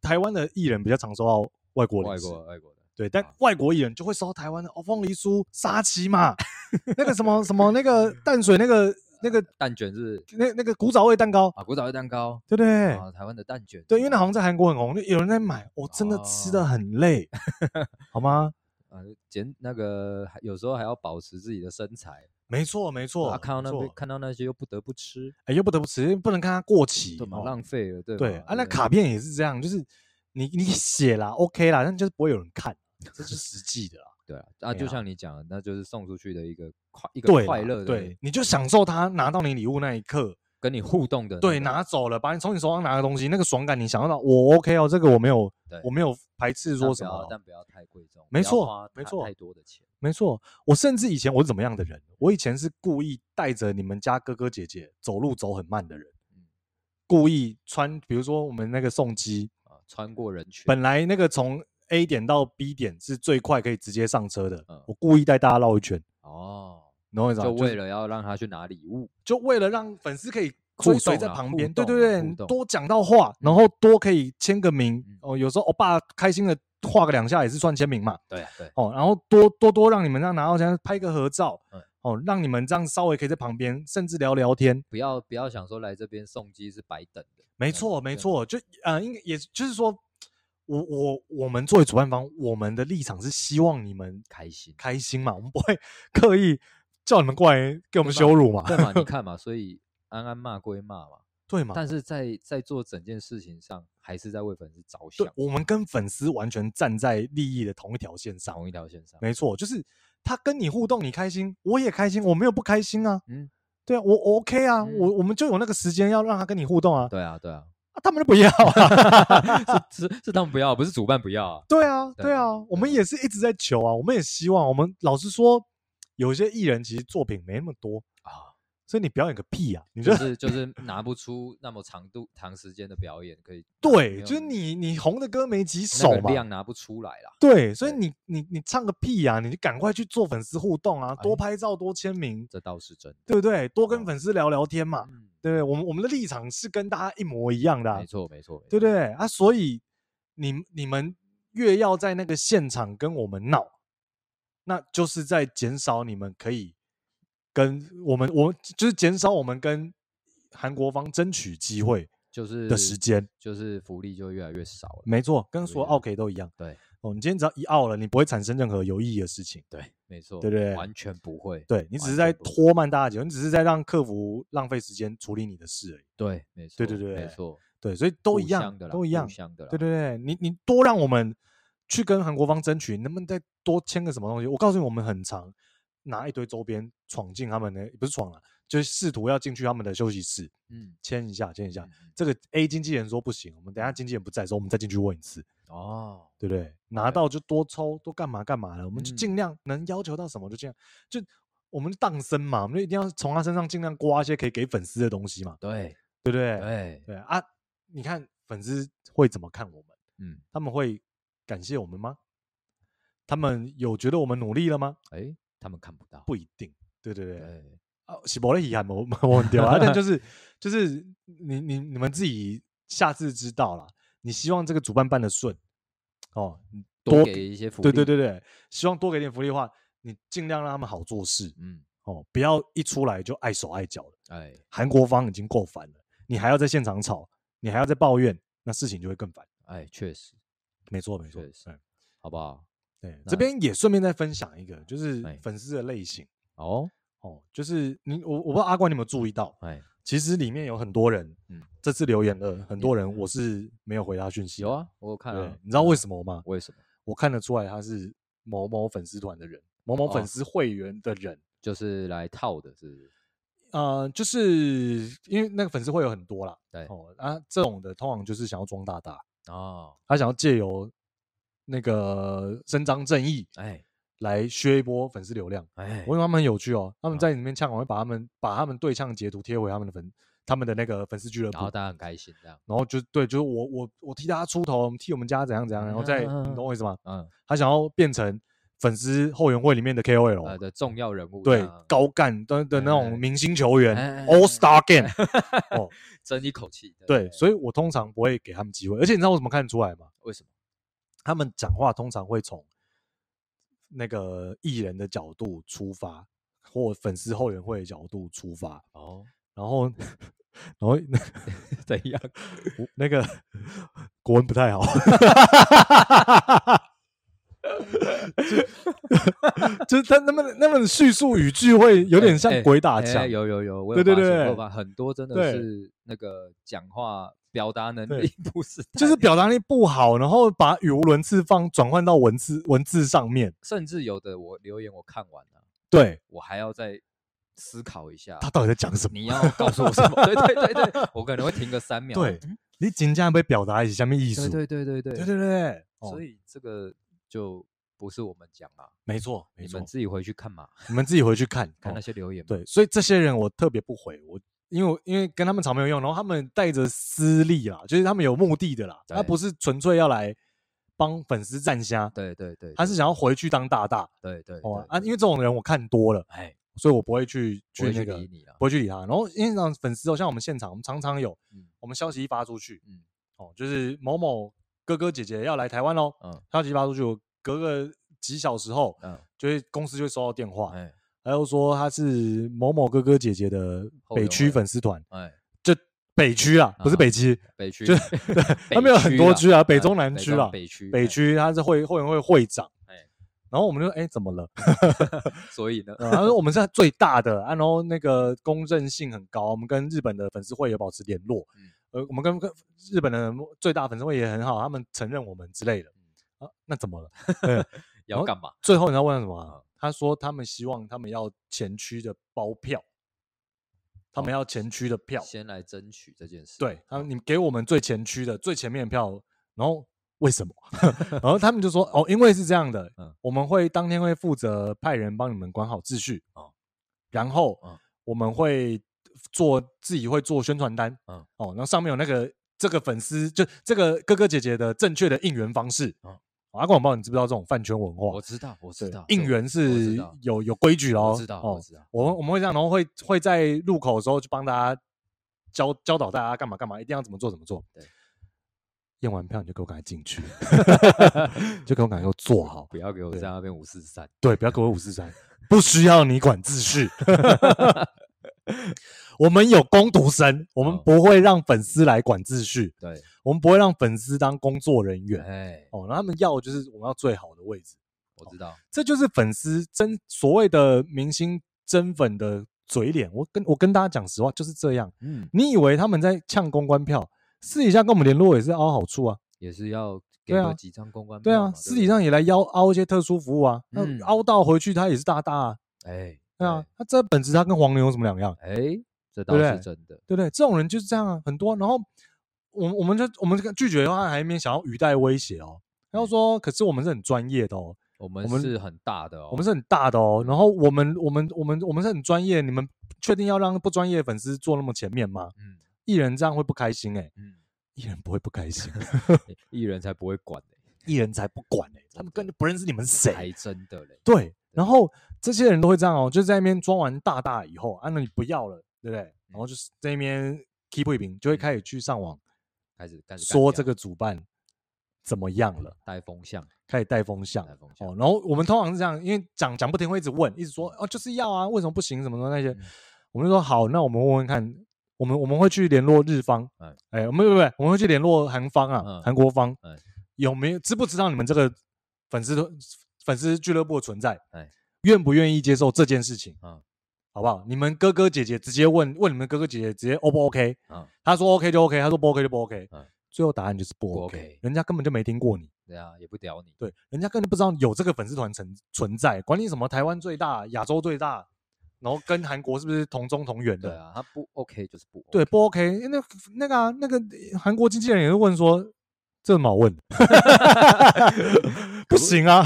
台灣的藝人比較常收到外國，外國，外國的。對，但外國藝人就會收台灣的哦、鳳梨酥、沙琪瑪， 那個什麼什麼那個淡水那個。那個、啊、蛋卷是，是那那個古早味蛋糕啊，古早味蛋糕，對不對，對？啊，台灣的蛋卷，對，因為那好像在韓國很紅，就有人在買。我、喔、真的吃得很累、哦，好嗎？啊，減那個有時候還要保持自己的身材，沒錯沒錯、啊。看到那看到那些又不得不吃，哎、欸，又不得不吃，因為不能看它過期，對，好浪費了，對對啊，那卡片也是這樣，就是你你寫啦 OK 啦，但就是不會有人看， 這是實際的啦。對啊，那就像你講的，那就是送出去的一個快、啊、一個快樂的，對、啊對嗯，你就享受他拿到你禮物那一刻跟你互動的、那個，對，拿走了，把你從你手上拿的東西，那個爽感你想受到，我 OK 哦，這個我沒有，嗯、我沒有排斥說什麼但，但不要太貴重，沒錯，沒錯，太多的錢沒，沒錯。我甚至以前我是怎麼樣的人？我以前是故意帶着你們家哥哥姐姐走路走很慢的人、嗯，故意穿，比如說我們那個送機啊，穿過人群，本來那個從。A 點到 B 點是最快可以直接上車的。嗯、我故意帶大家繞一圈、嗯。哦，然後就為了要讓他去拿禮物，就為了讓粉絲可以追隨在旁邊、啊啊。對對對，啊、多講到話、嗯，然後多可以簽個名、嗯。哦，有時候歐巴開心的畫個兩下也是算簽名嘛。對、嗯、對。哦，然後多多多讓你們這樣拿到先拍個合照、嗯。哦，讓你們這樣稍微可以在旁邊，甚至聊聊天。不要不要想說來這邊送機是白等的。沒錯沒錯，就呃，應該也就是說。我我我們作為主辦方，我們的立場是希望你們開心開心嘛，我們不會刻意叫你們過來給我們羞辱嘛，對嘛？你看嘛，所以安安罵歸罵嘛， 對嘛？但是在在做整件事情上，還是在為粉絲着想。我們跟粉絲完全站在利益的同一條線上，同一條線上。沒錯，就是他跟你互動，你開心，我也開心，我沒有不開心啊。嗯，對啊，我 OK 啊，嗯、我我們就有那個時間要讓他跟你互動啊。對啊，對啊。啊，他們都不要啊，哈哈是是是，是是他們不要，不是主辦不要啊。對啊，對，對啊對，我們也是一直在求啊，我們也希望，我們老實說，有些藝人其實作品沒那麼多。所以你表演個屁啊，你就、就是就是拿不出那麼長度長時間的表演，可以對，就是你你紅的歌沒幾首嘛，那個、量拿不出來啦。對，所以你你你唱個屁呀、啊！你就趕快去做粉絲互動啊、哎，多拍照多簽名，這倒是真的。對不對，對？多跟粉絲聊聊天嘛，嗯、對不對，對？我們我們的立場是跟大家一模一樣的、啊，沒錯沒錯，對不對，對？啊，所以你你們越要在那個現場跟我們鬧，那就是在減少你們可以。跟我們，我們就是減少我們跟韓國方爭取機會，就是的時間，就是福利就越來越少了。沒錯，跟所說拗 K 都一樣。對，對哦，你今天只要一拗了，你不會產生任何有意義的事情。對，沒錯，對不對？完全不會。對，你只是在拖慢大家節奏，你只是在讓客服浪費時間處理你的事。哎，對，沒錯，對對對，沒錯，對，所以都一樣，都一樣，對對對，你你多讓我們去跟韓國方爭取，你能不能再多簽個什麼東西？我告訴你，我們很長。拿一堆周邊，闖進他們的不是闖啊，就是試圖要進去他們的休息室，嗯，簽一下，簽一下、嗯。這個 A 經紀人說不行，我們等下經紀人不在的時候，我們再進去問一次。哦，對不對，對？對拿到就多抽，多幹嘛幹嘛的，我們就盡量能要求到什麼就這樣、嗯。就我們當身嘛，我們就一定要從他身上盡量刮一些可以給粉絲的東西嘛。對，對不對，對？對對啊，你看粉絲會怎麼看我們？嗯，他們會感謝我們嗎？他們有覺得我們努力了嗎？誒、欸。他們看不到，不一定。對對對，啊、哎，喜伯雷還沒忘掉啊。但就是 就是，你你你們自己下次知道了，你希望這個主辦辦的順哦多，多給一些福利。對對對對，希望多給點福利的話，你盡量讓他們好做事。嗯，哦，不要一出來就礙手礙腳了。哎，韓國方已經夠煩了，你還要在現場吵，你還要再抱怨，那事情就會更煩。哎，確實，沒錯沒錯，是、哎，好不好？對，這邊也順便再分享一個，就是粉絲的類型哦哦，就是你我我不知道阿冠你有沒有注意到，其實裡面有很多人，嗯，這次留言的很多人我是沒有回他訊息。有啊，我有看，啊對嗯，你知道為什麼嗎？為什麼？我看得出來他是某某粉絲團的人，某某粉絲會員的人，哦，就是來套的，是？呃，就是因為那個粉絲會有很多啦，對哦，啊，這種的通常就是想要裝大大哦，他，啊，想要借由。那個伸張正義，哎，來削一波粉絲流量，哎，我因為他們很有趣哦，他們在裡面嗆，我會把他們把他們對嗆截圖貼回他們的粉他們的那個粉絲俱樂部，然後大家很開心這樣，然後就對，就是我我我替大家出頭，替我們家怎樣怎樣，然後在、啊、你懂我意思嗎？嗯，他想要變成粉絲後援會裡面的 KOL，、呃、的重要人物，對，高幹的的那種明星球員、哎、，All Star Game，爭、哎哎哎、 一口氣，對，所以我通常不會給他們機會，而且你知道我怎麼看得出來嗎？為什麼？他們講話通常會從那個藝人的角度出發，或粉絲後援會的角度出發。哦，然後，然後怎樣？那個、那個、國文不太好。 就， 就是他那麼那麼敘述語句會有點像鬼打牆。欸欸欸，有有有，我有，對對對，對，很多真的是那個講話表達能力不是力，就是表達力不好，然後把語無倫次放轉換到文字文字上面，甚至有的我留言我看完了，對我還要再思考一下他到底在講什麼？ 你要告訴我什麼？ 對對對對，我可能會停個三秒，對，你緊張被表達一下什麼意思？對對對對對對，對，對、哦，所以這個。就不是我們講了，沒錯，你們自己回去看嘛，你們自己回去看、 哦、看那些留言。對，所以這些人我特別不回，我因為我因為跟他們吵沒有用，然後他們帶着私利啦，就是他們有目的的啦，他不是純粹要來幫粉絲占蝦，對，對對對，他是想要回去當大大，對對、對、對哦啊、對對對啊，因為這種人我看多了，哎，所以我不會去去那個不會去理你啦，不會去理他，然後因為讓粉絲哦，像我們現場，我們常常有，嗯，我們消息一發出去，嗯，哦，就是某某。哥哥姐姐要來台灣嘍、哦嗯！他消息發出去，我隔個幾小時後，嗯、就會公司就會收到電話，他、嗯、又說他是某某哥哥姐姐的北區粉絲團，就北區啊，啊，不是北區，北區、啊、北區 他沒有很多區啊，啊，北中南區啊，北，北區，北區、哎，他是會會員會會長、嗯，然後我們就哎、欸、怎麼了？ 所以呢？ 然後他說我們是最大的，然後那個公正性很高，我們跟日本的粉絲會也保持聯絡，嗯呃，我們跟跟日本的最大粉絲會也很好，他們承認我們之類的。啊，那怎麼了？要幹嘛？最後你要問他什麼、啊？他說他們希望他們要前區的包票、哦，他們要前區的票，先來爭取這件事。對，哦、他說你給我們最前區的最前面的票，然後為什麼？ 然後他們就說 哦，因為是這樣的，嗯、我們會當天會負責派人幫你們管好秩序啊、嗯，然後我們會。做自己會做宣傳單，嗯，哦，然後上面有那個這個粉絲，就這個哥哥姐姐的正確的應援方式，啊、嗯，廣告廣告，知你知不知道這種飯圈文化？我知道，我知道，應援是有有，有規矩咯，我哦，知道，我知道。我們我們會這樣，然後會會在入口的時候去幫大家教教導大家幹嘛幹嘛，一定要怎麼做怎麼做。對，驗完票你就給我趕快進去， 就給我趕快坐好，不要給我在那邊五四三，對，不要給我五四三， 不需要你管秩序。 我們有工讀生、哦，我們不會讓粉絲來管秩序。對，我們不會讓粉絲當工作人員。哎，哦，他們要的就是我們要最好的位置。我知道，哦、這就是粉絲真所謂的明星真粉的嘴臉。我跟我跟大家講實話，就是這樣。嗯，你以為他們在搶公關票？私底下跟我們聯絡也是凹好處啊，也是要給幾張公關票對、啊。對啊，私底下也來要凹一些特殊服務啊。那、嗯、凹到回去他也是大大、啊。哎、欸。對啊，他這本質他跟黃牛有什麼兩樣？哎、欸，這倒是真的，對不對,對？這種人就是這樣啊，很多、啊。然後我們我們就我們拒絕的話，還一面想要語帶威脅哦、喔，然後說：“可是我們是很專業的哦、喔喔，我們是很大的哦、喔，我們是很大的哦。”然後我們我們我們我們是很專業，你們確定要讓不專業的粉絲坐那麼前面嗎？嗯，藝人這樣會不開心哎、欸，嗯，藝人不會不開心，藝 人才不會管嘞、欸，藝人才不管嘞、欸，他們根本不認識你們是誰，還真的嘞，對。然後這些人都會這樣哦，就在那邊裝完大大以後，啊、那你不要了，對不對？然後就是在那邊 keep 一瓶，就會開始去上網，開始，開始說這個主辦怎麼樣了，帶風向，開始帶風向，風向哦。然後我們通常是這樣，因為講講不停，會一直問，一直說，哦，就是要啊，為什麼不行？什麼的那些，我們就說好，那我們問問看，我們我們會去聯絡日方，嗯、哎，我們會不會，我們會去聯絡韓方啊，嗯、韓國方、嗯嗯、有沒有知不知道你們這個粉絲都粉絲俱樂部的存在，哎、欸，願不願意接受這件事情？嗯，好不好？你們哥哥姐姐直接問，問你們哥哥姐姐直接 O、哦、不 OK？啊、嗯，他說 OK 就 OK，他說不 OK 就不 OK。嗯，最後答案就是不 OK，不 OK。人家根本就沒聽過你，對啊，也不屌你，對，人家根本不知道有這個粉絲團存存在，管你什麼台灣最大、亞洲最大，然後跟韓國是不是同宗同源的？對啊，他不 OK 就是不 OK。對，不 OK 因為、欸、那、那個啊，那個韓國經紀人也會問說。這沒問的 可不， 可不行啊！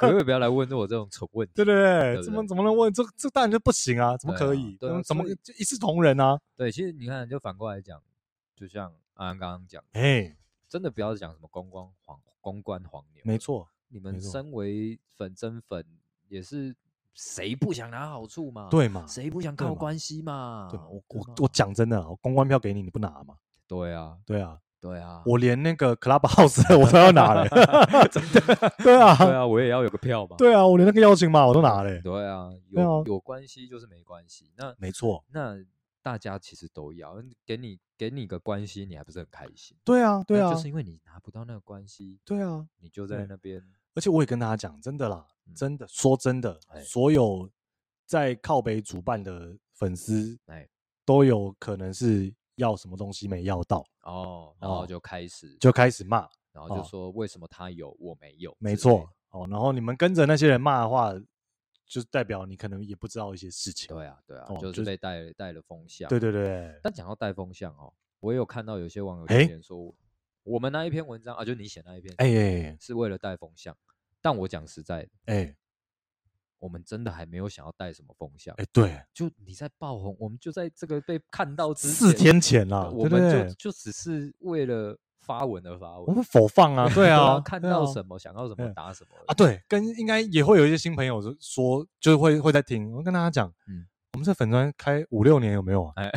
各 位不，不要來問這我這種醜問題 對對對，對不對？怎麼怎麼能問？這這當然就不行啊！怎麼可以？對啊對啊，怎麼就一,一視同仁啊？對，其實你看，就反過來講，就像阿安剛剛講，哎，真的不要講什麼公關，公關黃公關黃牛，沒錯。你們身為粉真粉，也是誰不想拿好處嘛？對嘛？誰不想靠關係嘛？對嘛對嘛對嘛對嘛，我對我我講真的，我公關票給你，你不拿嗎？對啊，對啊。對啊對啊，我連那個 Clubhouse 我都要拿了。 真的。對啊，對啊，我也要有個票吧。對啊，我連那個邀請碼我都拿了。對啊，有啊，有關係就是沒關係。那沒錯，那大家其實都要給你給你個關係，你還不是很開心？對啊，對啊，就是因為你拿不到那個關係。對啊，你就在那邊。而且我也跟大家講，真的啦，真的、嗯、說真的，所有在靠北主辦的粉絲，都有可能是。要什麼東西沒要到哦，然後就開始、哦、就開始罵，然後就說為什麼他有、哦、我沒有？沒錯、欸、哦，然後你們跟着那些人罵的話，就代表你可能也不知道一些事情。對啊，對啊，哦、就是被帶了、就是、帶了風向。對對對，對，但講到帶風向哦，我也有看到有些網友留言說，欸、我們那一篇文章啊，就你寫那一篇，哎、欸欸欸，是為了帶風向，但我講實在的，哎、欸。我們真的還沒有想要帶什麼風向，哎、欸，對，就你在爆紅，我們就在這個被看到之四天前啦、呃，我們就就只是為了發文而發文，我們否放啊， 對，啊對啊，看到什麼、啊、想到什麼、啊、到什麼打什麼啊，對，跟應該也會有一些新朋友說，就會會在聽，我跟大家講，嗯，我們這粉專開五六年有沒有啊？哎、欸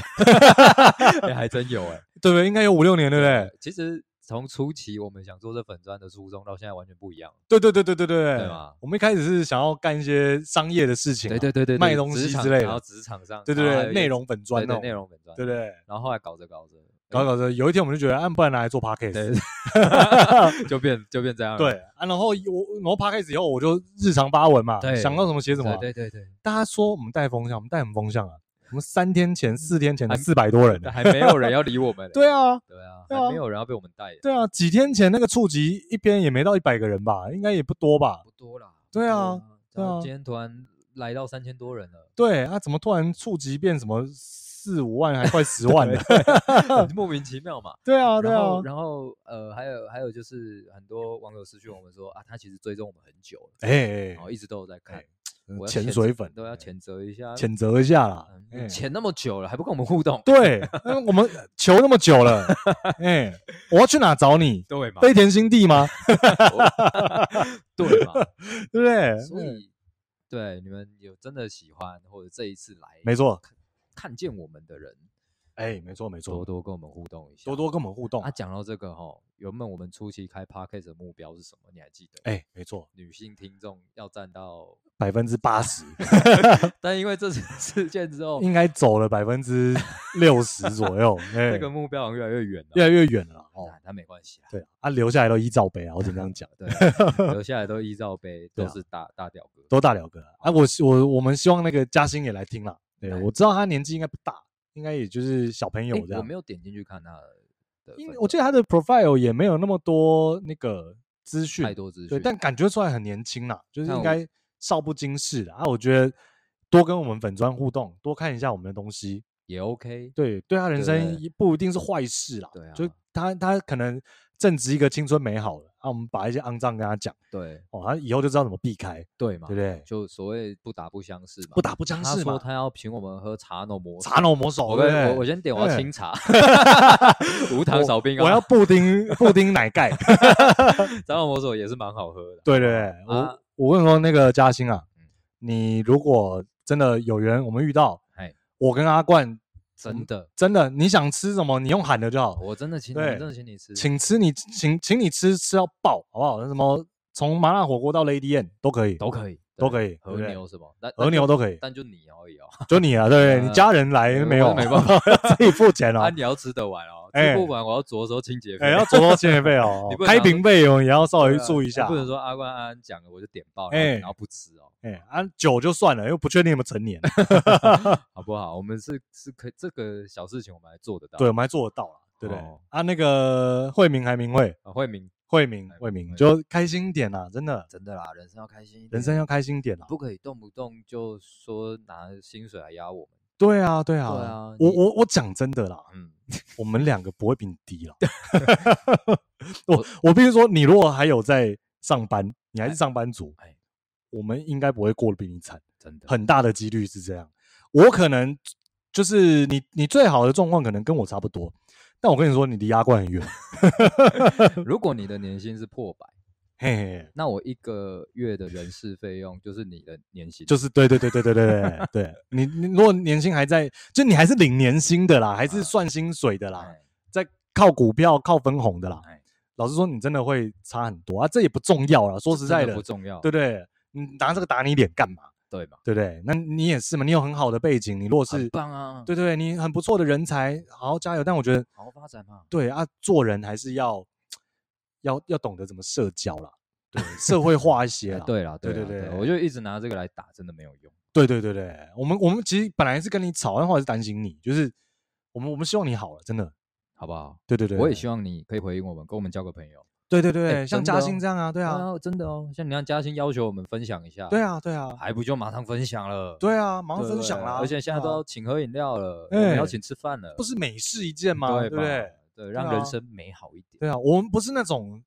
欸，還真有哎、欸，對，有對不對？應該有五六年，對不對？其實。從初期我們想做這粉專的初衷到現在完全不一樣了。對對對對對對，對，我們一開始是想要幹一些商業的事情、啊，對，對對對對，賣東西之類職然後職場上，對對對，內、啊、容粉專那內容粉專，對不對？然後後來搞着搞着，搞着搞着，有一天我們就覺得，啊，不然拿來做 podcast， 就變就變這樣了。對啊然，然後我然後 podcast 以後我就日常發文嘛，對對對對，想到什麼寫什麼、啊。對對對，對，大家說我們帶風向，我們帶什麼風向啊？我們三天前、四天前才四百多人還， 還沒有人要理我們 對、啊。對啊，對啊，還沒有人要被我們帶。對啊，幾天前那個觸及一邊也沒到一百個人吧，應該也不多吧？不多啦。對啊，對啊對啊今天突然來到三千多人了對、啊。對啊，對啊怎麼突然觸及變什麼四五萬，還快十萬了？ 對對對笑 莫名其妙嘛對、啊。對啊，對啊。然後，然後呃，還有還有就是很多網友私訊我們說啊，他其實追蹤我們很久了，哎哎，欸欸欸然後一直都有在看、欸。潛水粉，水粉都要譴責一下，譴責一下啦！潛、嗯、那麼久了還不跟我們互動，對， 嗯、我們求那麼久了，哎、 欸，我要去哪找你？對嘛？飛田新地嗎？ 對嘛？對不對？所以，對，你們有真的喜歡或者這一次來，沒錯，看見我們的人。哎、欸，沒錯沒錯，多多跟我們互動一下，多多跟我們互動、啊。他、啊、講到這個哈、哦，原本我們初期開 podcast 的目標是什麼？你還記得？哎、欸，沒錯，女性聽眾要占到百分之八十， 但因為這次事件之後，應該走了百分之六十左右。 哎，這、那個目標好像越來越遠了，越來越遠了。哦，那、啊、沒關係啊，對啊，他留下來都一罩杯啊，我只能這樣講， 對、啊，留下來都一罩杯，都是大、啊、大屌哥。多大屌哥啊啊？啊，我我我們希望那個嘉欣也來聽啦。對，對我知道他年紀應該不大。應該也就是小朋友這樣，欸、我沒有點進去看他的，因為我記得他的 profile 也沒有那麼多那個資訊，太多資訊，對，但感覺出來很年輕啦，就是應該少不經事的啊。我覺得多跟我們粉專互動，多看一下我們的東西。也 OK，對對他人生不一定是壞事啦。對，對啊，就他他可能正值一個青春美好了，那、啊、我們把一些骯髒跟他講，對哦，他以後就知道怎麼避開，對嘛，對不對？就所謂不打不相識嘛，不打不相識嘛。他，說他要請我們喝茶の魔手，茶の魔手。我對對我，我先點，我要清茶， 無糖少冰、啊、我，我要布丁 布丁奶蓋， 茶の魔手也是蠻好喝的。對對對，對、啊，我我跟你說，那個嘉興啊、嗯，你如果真的有緣，我們遇到。我跟阿冠，真的、嗯、真的，你想吃什麼，你用喊的就好。我真的請你，真的請你吃，請吃你請，請你吃吃到爆，好不好？那什麼從麻辣火鍋到 Lady M 都可以，都可以，都可以。和牛是吧？那和牛都可以，但就，但就你而已哦。就你啊，對、呃、你家人來沒有、呃？沒辦法， 自己付錢哦、啊。那、啊、你要吃得完哦。欸、不管我要左手清潔費，哎，要左手清潔費哦，開瓶費哦，也要稍微注意一下、啊啊啊，不能說阿關阿安講了我就點爆了，哎、欸，然後不吃哦、喔，哎、欸，啊，酒就算了，因為不確定有沒有成年， 好不好？我們是是可以這個小事情我們還做得到，對，我們還做得到了、哦，對不對，對？啊那個惠民還明惠啊，惠、哦、民惠民惠民，民，民，就開心一點啦，真的真的啦，人生要開心一點，人生要開心一點啦，不可以動不動就說拿薪水來壓我們。對啊，對啊，對啊，我我我講真的啦，嗯，我們兩個不會比你低啦 我我必須說，你如果還有在上班，你還是上班族，哎，我們應該不會過得比你慘，真的，很大的幾率是這樣。我可能就是你，你最好的狀況可能跟我差不多，但我跟你說，你離壓冠很遠。 如果你的年薪是破百。嘿，嘿，那我一個月的人事費用就是你的年薪， 就是對對對對對對對，對 你，你如果年薪還在，就你還是領年薪的啦，還是算薪水的啦，啊、在靠股票靠分紅的啦。哎、老實說，你真的會差很多啊，這也不重要了。說實在的，這真的不重要，對不對，對？你拿這個打你臉幹嘛？對吧？對不對，對？那你也是嘛？你有很好的背景，你若是，棒啊！對，對對，你很不錯的人才，好好加油。但我覺得，好好發展嘛、啊。對啊，做人還是要。要要懂得怎麼社交啦，對， 社會化一些啦、啊、對啦，對對對，對，對對對，我就一直拿這個來打，真的沒有用。對對對對，我們我們其實本來是跟你吵，但還是擔心你，就是我們我們希望你好了，真的，好不好？對對對，我也希望你可以回應我們，跟我們交個朋友。對對對，欸、像嘉欣這樣啊，對啊，對啊真的哦、喔，像你讓嘉欣要求我們分享一下。對啊對啊，對啊，還不就馬上分享了？對啊，馬上分享啦，啊、而且現在都要請喝飲料了，啊、我們邀請吃飯了，不是美事一件嗎？對不對吧？對，讓人生美好一點。對啊，對啊我們不是那種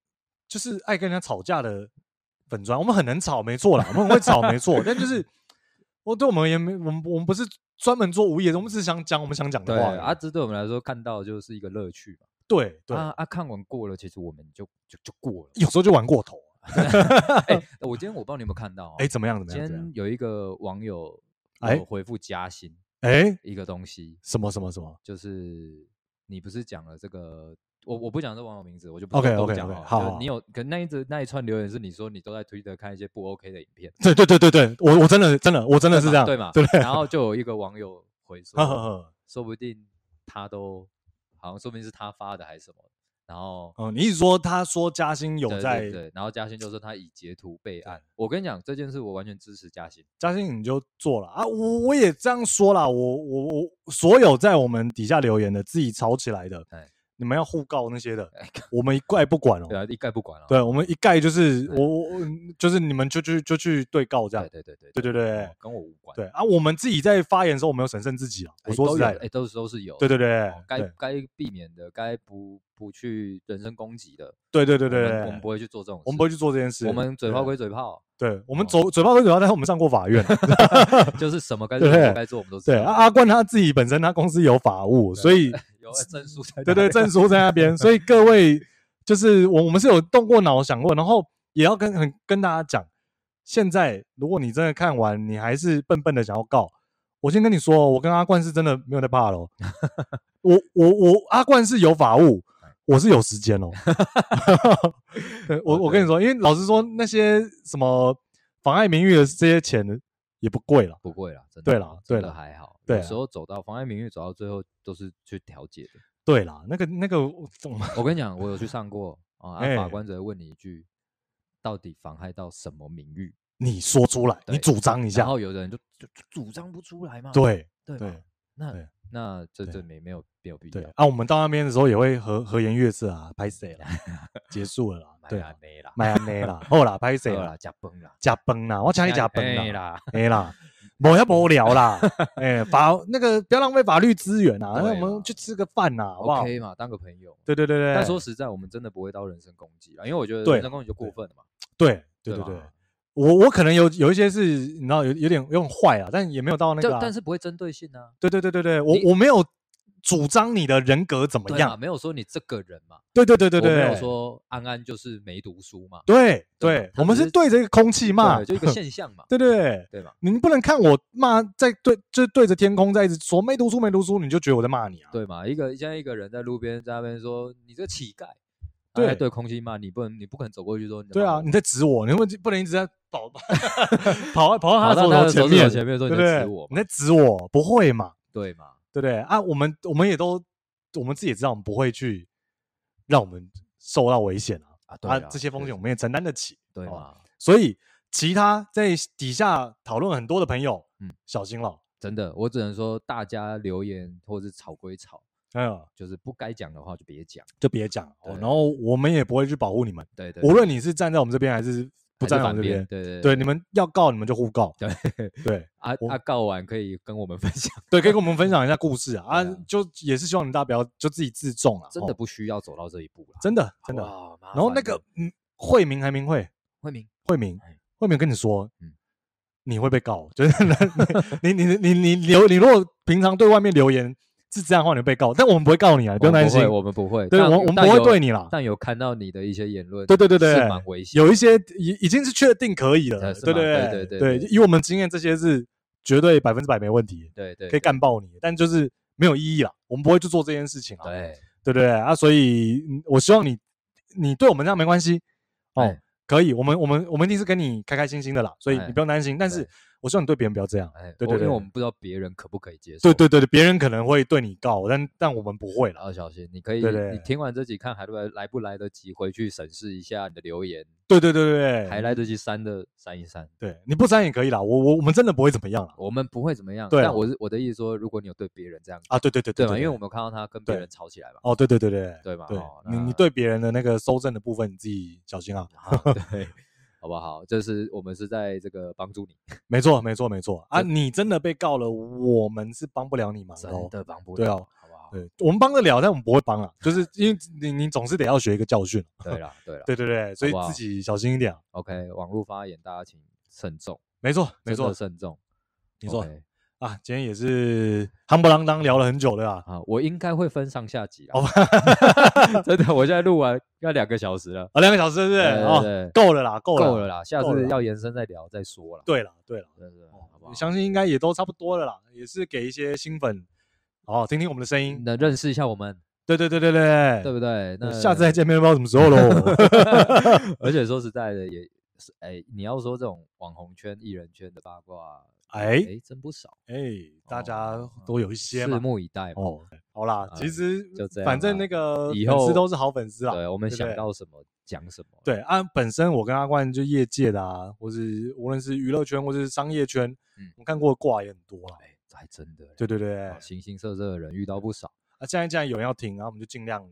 就是愛跟人家吵架的粉專，我們很能吵，沒錯啦，我們會吵，沒錯。 但就是我對我們而言，沒我們我們不是專門做無業，我們只是想講我們想講的話對啊。啊，這對我們來說，看到的就是一個樂趣對對啊,啊，看完過了，其實我們就就就過了。有時候就玩過頭 欸。我今天我不知道你有沒有看到、哦？哎、欸，怎麼樣？怎麼樣？今天有一個網友哎、欸、回覆加薪。哎、欸、一個東西，什麼什麼什麼，就是。你不是講了這個？我我不講這網友名字，我就不都 OK OK OK、哦。好，好，你有可那一直那一串留言是你說你都在推特看一些不 OK 的影片。對對對對對，我我真的真的我真的是這樣對嘛？對嘛。然後就有一個網友回說， 說不定他都好像說不定是他發的還是什麼。然後，嗯，你一直說他說嘉興有在對，對，對，然後嘉興就說他已截圖備案。我跟你講，這件事我完全支持嘉興，嘉興你就做了啊！我我也這樣說啦，我我我，所有在我們底下留言的，自己吵起來的。你們要互告那些的， 我們一概不管了、哦。對啊，一概不管了、哦。對，我們一概就是，是我我就是你們就去就去對告這樣。對對對對對對，對，對，對，對，對，對，對，對跟我無關。對啊，我們自己在發言的時候，我們有審慎自己啊。欸、我說實在的，哎、欸欸，都是都是有。對對對，該、哦、該避免的，該不不去人身攻擊的。對對對，對對對，我們不會去做這種事。我們不會去做這件事。我們嘴炮歸嘴炮。對，我們嘴、哦、嘴炮歸嘴炮，但是我們上過法院。 就是什麼該做不該做，我們都是。對啊，阿冠他自己本身他公司有法務，所以。證書在對，對對，證書在那邊， 所以各位就是我們、我們是有動過腦想過，然後也要跟很跟大家講，現在如果你真的看完，你還是笨笨的想要告，我先跟你說，我跟阿冠是真的沒有在怕嘍， 我我我，阿冠是有法務，我是有時間哦。 我我跟你說，因為老實說那些什麼妨礙名譽的這些錢也不貴啦，不貴啦，真的。對啦，真的，還好。對，有時候走到妨害名譽走到最後都是去調解的。對啦，那個那個，我跟你講，我有去上過 啊。法官只會問你一句：“到底妨害到什麼名譽？”你說出來，你主張一下。然後有的人就主張不出來嘛？對，對那那這這沒沒有，沒有必要的。對，啊，我們到那邊的時候也會和和顏悅色啊，拍謝啦， 結束了啦，買安眉啦，買安眉啦，好啦，拍謝啦，吃飯啦，吃飯啦，啦，我請你吃飯啦，沒、欸欸、啦，不 要無聊啦，哎、 欸，法那個不要浪費法律資源啊， 那我們去吃個飯吶、啊、，OK 嘛，當個朋友。對對對對。但說實在，我們真的不會到人身攻擊啊，因為我覺得人身攻擊就過分了嘛。對對，對對對。對我我可能有有一些是，你知道有有點有點壞啊，但也沒有到那個啊，但是不會針對性啊。對對對對對，我我沒有主張你的人格怎麼樣，沒有說你這個人嘛。對對對對對，沒有說安安就是沒讀書嘛。對對、對、對，我們是對着一個空氣罵，就一個現象嘛。 對對對、對嘛，你不能看我罵在對，就對着天空在一直說沒讀書沒讀書，你就覺得我在罵你啊？對嘛，一個現在一個人在路邊在那邊說你這乞丐。對對，啊、對空氣嘛，你不能，你不肯走過去說。對啊，你在指我，你會不能不能一直在跑， 跑跑啊，跑到他的前面說 你在指我，你在指我，不會嘛？對嘛？對不對，對啊？我們我們也都，我們自己也知道，我們不會去讓我們受到危險啊啊！啊對啊啊這些風險我們也承擔得起，對吧，所以其他在底下討論很多的朋友，嗯，小心了。真的，我只能說大家留言或者是吵歸吵，哎呦，就是不該講的話就別講，就別講。然後我們也不會去保護你們，對,對對。無論你是站在我們這邊還是不站在我們這邊，對對,對對對，你們要告你們就互告，對對。 啊他、啊、告完可以跟我們分享，對， 可以跟我們分享一下故事啊, 啊,啊。就也是希望你大家不要就自己自重啊，真的不需要走到這一步了、啊，真的、哦、真的。然後那個嗯，惠民還明惠，惠民惠民惠民，跟你說、嗯，你會被告，就 是 你你你你,你,你留你如果平常對外面留言。是這樣的話，你被告，但我們不會告你啊，你不用擔心，我們不會，對我們，對但我，們但我們不會對你了，但有看到你的一些言論，對對對對，是蠻危險的，有一些已已經是確定可以了，對對對對對，對，以我們經驗，這些是絕對百分之百沒問題，對對，對，對，可以幹爆你，但就是沒有意義了，我們不會去做這件事情了對，對對對啊？所以我希望你，你對我們這樣沒關係哦。欸可以，我們我們我們一定是跟你開開心心的啦，所以你不用擔心。哎、但是我希望你對別人不要這樣，哎、對，對對對，因為我們不知道別人可不可以接受。對對對，對，別人可能會對你告，但但我們不會啦，小心，你可以對對對你聽完這集看還來來不來得及回去審視一下你的留言。對對對對還來得及刪的刪一刪。對，你不刪也可以啦。我我我們真的不會怎麼樣啦。嗯、我們不會怎麼樣。對，但我我的意思說，如果你有對別人這樣啊，對對對對，對，對，對，對嘛，因為我們有看到他跟別人吵起來了。哦，對對對對對嘛，對，對對哦、你你對別人的那個搜證的部分，你自己小心啊。啊對， 好不好？就是我們是在這個幫助你。沒錯沒錯沒錯啊，你真的被告了，我們是幫不了你忙的，真的幫不了。對、哦對，我們幫得了，但我們不會幫啊。就是因為你，你總是得要學一個教訓。 對啦，對啦，對對對，所以自己好好小心一點啊。OK，網絡發言大家請慎重。沒、嗯、錯，沒錯，慎重。沒錯、okay、啊，今天也是夯不啷當聊了很久了啊。啊，我應該會分上下集了。 真的，我現在錄完要兩個小時了 啊，兩個小時是不是？哦，夠了啦，夠了，了啦，下次要延伸再聊，啦再，聊再說了。對了，對了，對對，對，你、哦、相信應該也都差不多了啦，也是給一些新粉。哦，聽聽我們的聲音，能認識一下我們。對對對對對，對，對，對，對不對？那下次再見面，不知道什麼時候嘍。 而且說實在的，也，哎、欸，你要說這種網紅圈、藝人圈的八卦，哎哎、啊欸欸，真不少。哎、欸，大家、哦、都有一些，拭目以待嘛。哦，好啦，其實、嗯、就這樣，反正那個粉絲都是好粉絲啊。對，我們想到什麼講什麼。對啊，本身我跟阿冠就業界的啊，或是無論是娛樂圈或是商業圈，嗯、我看過的掛也很多了。欸還、哎、真的，對對對、哦，形形色色的人遇到不少。啊，既然既然有人要聽，那我們就儘量，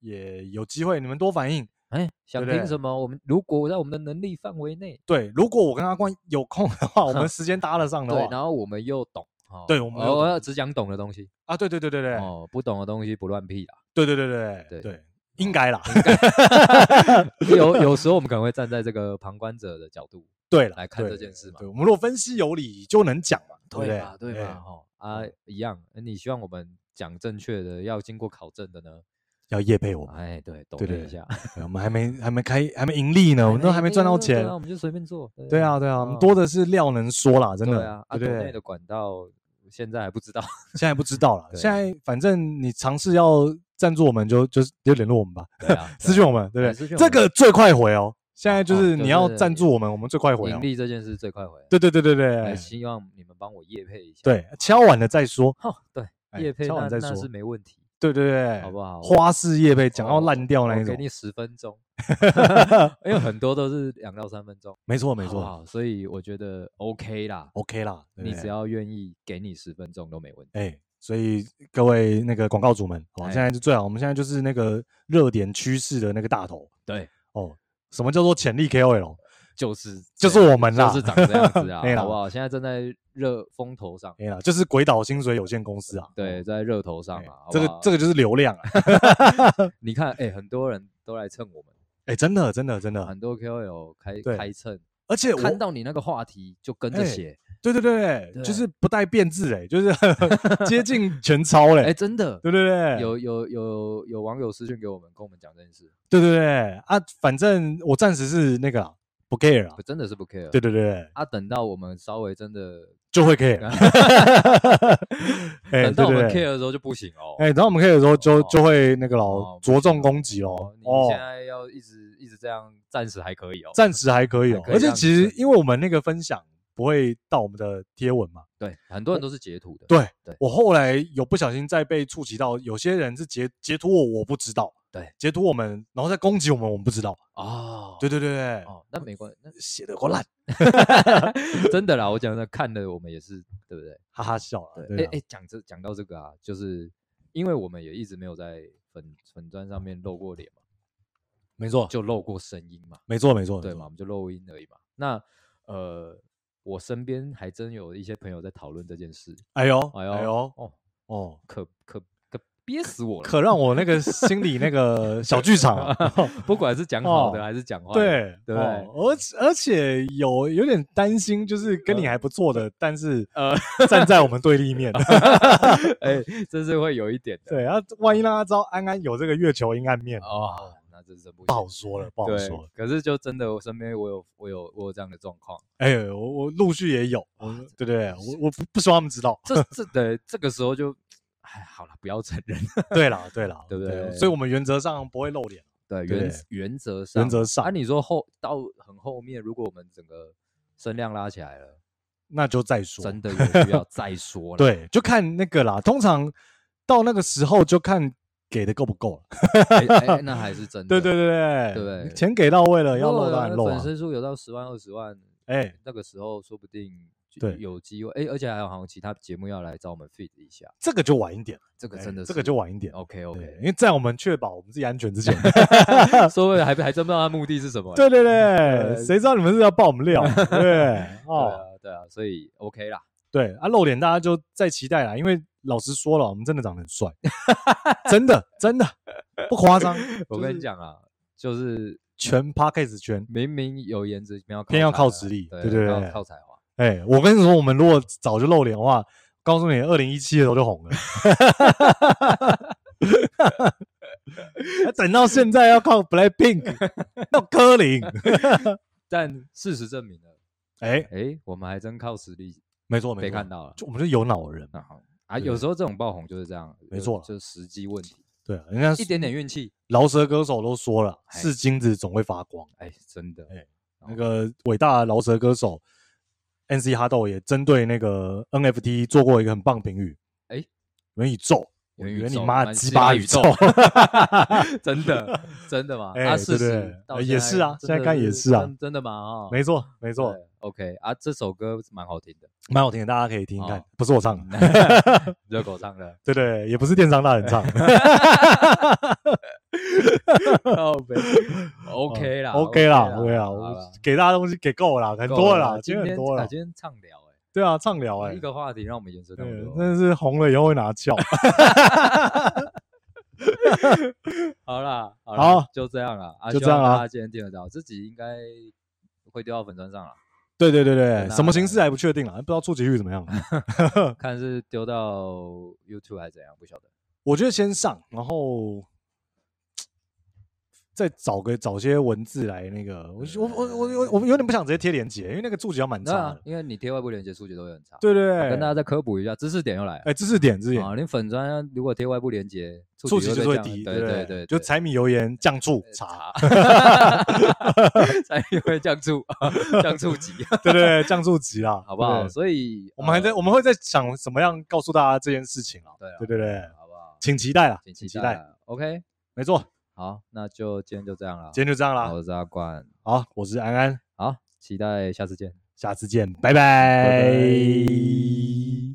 也有機會，你們多反映，哎，想聽什麼？對對，我們如果在我們的能力範圍內，對，如果我跟阿關有空的話，我們時間搭得上的話。對，然後我們又懂，哦、對，我們我要、哦、只講懂的東西啊，對對對對對，哦，不懂的東西不亂屁啦，對對對對對對，應該啦， 有有時候我們可能會站在這個旁觀者的角度。對了，來看這件事嘛。我們如果分析有理，就能講嘛，對吧？對吧？哈啊，一樣。你希望我們講正確的，要經過考證的呢？要業配我們，哎，對，討論一下。我們還沒、還沒開、還沒盈利呢，我們都還沒賺到錢、哎對對對啊，我們就隨便做。對啊，對啊，對啊對啊哦、我們多的是料能說啦，真的。對啊，啊，鬥內的管道現在還不知道， 現在不知道了。現在反正你嘗試要贊助我們就，就就就聯絡我們吧，對啊、 私訊我們，對，對不對？這個最快回哦。現在就是你要贊、oh, oh, 助我們對對對，我們最快回來了。盈利這件事最快回來。對對對對對，希望你們幫我業配一下。對，欸、敲完了再說。敲、oh, 對，業、欸、配敲完了再說是沒問題。對對對，好不好？好不好花式業配講到爛掉那種。給你十分鐘， 因為很多都是兩到三分鐘。 沒錯沒錯，所以我覺得 OK 啦，OK 啦對對對。你只要願意給你十分鐘都沒問題、欸。所以各位那個廣告主們，好、哦欸，現在就最好，我們現在就是那個熱點趨勢的那個大頭。對，哦。什麼叫做潛力 KOL？就是就是我們啦，就是長這樣子啊， 好不好？現在正在熱風頭上，對了，就是鬼島薪水有限公司啊。對，對在熱頭上啊，好好這個這個就是流量啊。 你看、欸，很多人都來蹭我們，欸、真的真的真的，很多 KOL 開開蹭，而且我看到你那個話題就跟着寫。欸對對對，對，對，就是不帶變質哎，就是 接近全抄嘞，欸，哎，欸，真的，對對對，有有有有網友私信給我們，跟我們講這件事，對對對啊，反正我暫時是那個，啊，不 care 啊，真的是不 care 了，對，對對對，啊等到我們稍微真的就會 care 啊， 欸，等到我們 care 的時候就， 就不行哦，哎，欸，等到我們 care 的時候就，哦，就會那個嘍，哦，着重攻擊嘍，哦哦，你現在要一直，哦，一直這樣，暫時還可以哦，暫時還可以，哦，可以而且其實因為我們那個分享。不會到我們的貼文嘛？對，很多人都是截圖的。對，對我後來有不小心再被觸及到，有些人是截截圖我，我不知道。對，截圖我們，然後再攻擊我們，我們不知道。哦，對對對哦，那沒關係，那寫得夠爛， 真的啦。我講的看的，我們也是對不對？哈哈笑了、啊啊。對，哎、欸、講這講到這個啊，就是因為我們也一直沒有在粉粉專上面露過臉嘛，沒錯，就露過聲音嘛，沒錯沒錯，對嘛，我們就露音而已嘛。那呃。我身邊還真有一些朋友在討論這件事。哎呦，哎呦，哦哦，可可可，可憋死我了，可讓我那個心裡那個小劇場、 哦，不管是講好的還是講壞的、哦，對對，哦、對，而而且有有點擔心，就是跟你還不錯的、呃，但是呃，站在我們對立面，哎、呃，這、 欸、是會有一點的。對，萬一讓他知道安安有這個月球陰暗面，哦不，不好說了，不好說了。可是就真的我我，我身邊我有我有我有這樣的狀況。哎、欸，我我陸續也有，啊、對不對？對？我我不說，不想他們知道。這這，對，這個時候就哎，好了，不要承認。對了，對了，對不對？對？對？所以我們原則上不會露臉。對，原對原則上原則上。那、啊、你說後到很後面，如果我們整個聲量拉起來了，那就再說，真的有必要再說了。 對，就看那個啦。通常到那個時候，就看。給的夠不夠、啊 欸欸？那還是真的。對對對對對，錢給到位了，要露當然露啊。粉絲數有到十萬、二十萬，哎，那個時候說不定就有機會。哎、欸，而且還有好像其他節目要來找我們 fit 一下，這個就晚一點這個真的是、欸，這個就晚一點。OK OK，因為在我們確保我們自己安全之前， 所以還還真不知道他目的是什麼。 對對對，誰、呃、知道你們是要爆我們料？ 對， 哦、對啊對啊，所以 OK 啦。對啊，露臉大家就再期待啦，因為。老實說了，我們真的長得很帥， 真的真的不誇張、就是。我跟你講啊，就是全 podcast 圈明明有顏值有，偏要靠實力，對對對，對？靠才華、欸。我跟你說，我們如果早就露臉的話，告訴你，二零一七的時候就紅了。 等到現在要靠 Black Pink，要柯林。但事實證明了，哎、欸欸欸、我們還真靠實力沒錯，沒錯，被看到了，就我們是有腦人。啊，有時候這種爆紅就是這樣，沒錯，就是時機問題。對，人家一點點運氣，饒舌歌手都說了，是、欸、金子總會發光。哎、欸，真的。哎、欸，那個偉大的饒舌歌手，N. C. 哈豆也針對那個 NFT 做過一個很棒的評語。哎、欸，元宇宙，元宇宙你媽雞巴宇宙！宇宙宇宙宇宙 真的，真的嗎？哎、欸，對不對？也是啊，現在看也是啊，真的，真的嗎、哦？沒錯，沒錯。OK 啊，這首歌蠻好聽的，蠻、嗯、好聽的，大家可以聽、哦、看，不是我唱的，熱 狗唱的，對，對對，也不是電商大人唱。OK 啦，OK 啦，OK 啦，給大家東西給夠啦，夠了啦，很多了啦，很多了，今天今天暢聊哎、欸，對啊，暢聊哎、欸，一個話題讓我們延伸到，真的是紅了以後會拿翹 。好啦好，就這樣啦、啊、就這樣啦，今天聽得到，這自己應該會丟到粉專上啦對對對對，什麼形式還不確定啊，不知道觸及率怎麼樣 ，看是丟到 YouTube 還是怎樣，不曉得。我覺得先上，然後。再找個找些文字來那個，我我我我我有點不想直接貼連結，因為那個觸及要蠻差啊。因為你貼外部連結，觸及都會很差。對對對，啊，跟大家再科普一下，知識點又來了。哎，欸，知識點，知識點。啊，你粉專如果貼外部連結，觸及就，就會低。對對對。對對對，就柴米油鹽醬醋醬醬茶，哈哈哈哈哈，柴米油鹽醬醋醬醋級， 對對對，醬醋級啦，好不好？所以我們還在，呃，我們會在想怎麼樣告訴大家這件事情啊。對啊，哦，對對對，好不好？請期待了，請期待，期待。OK，沒錯。好，那就今天就這樣了。今天就這樣了。我是阿冠，好，我是安安，好，期待下次見。下次見，拜拜。拜拜。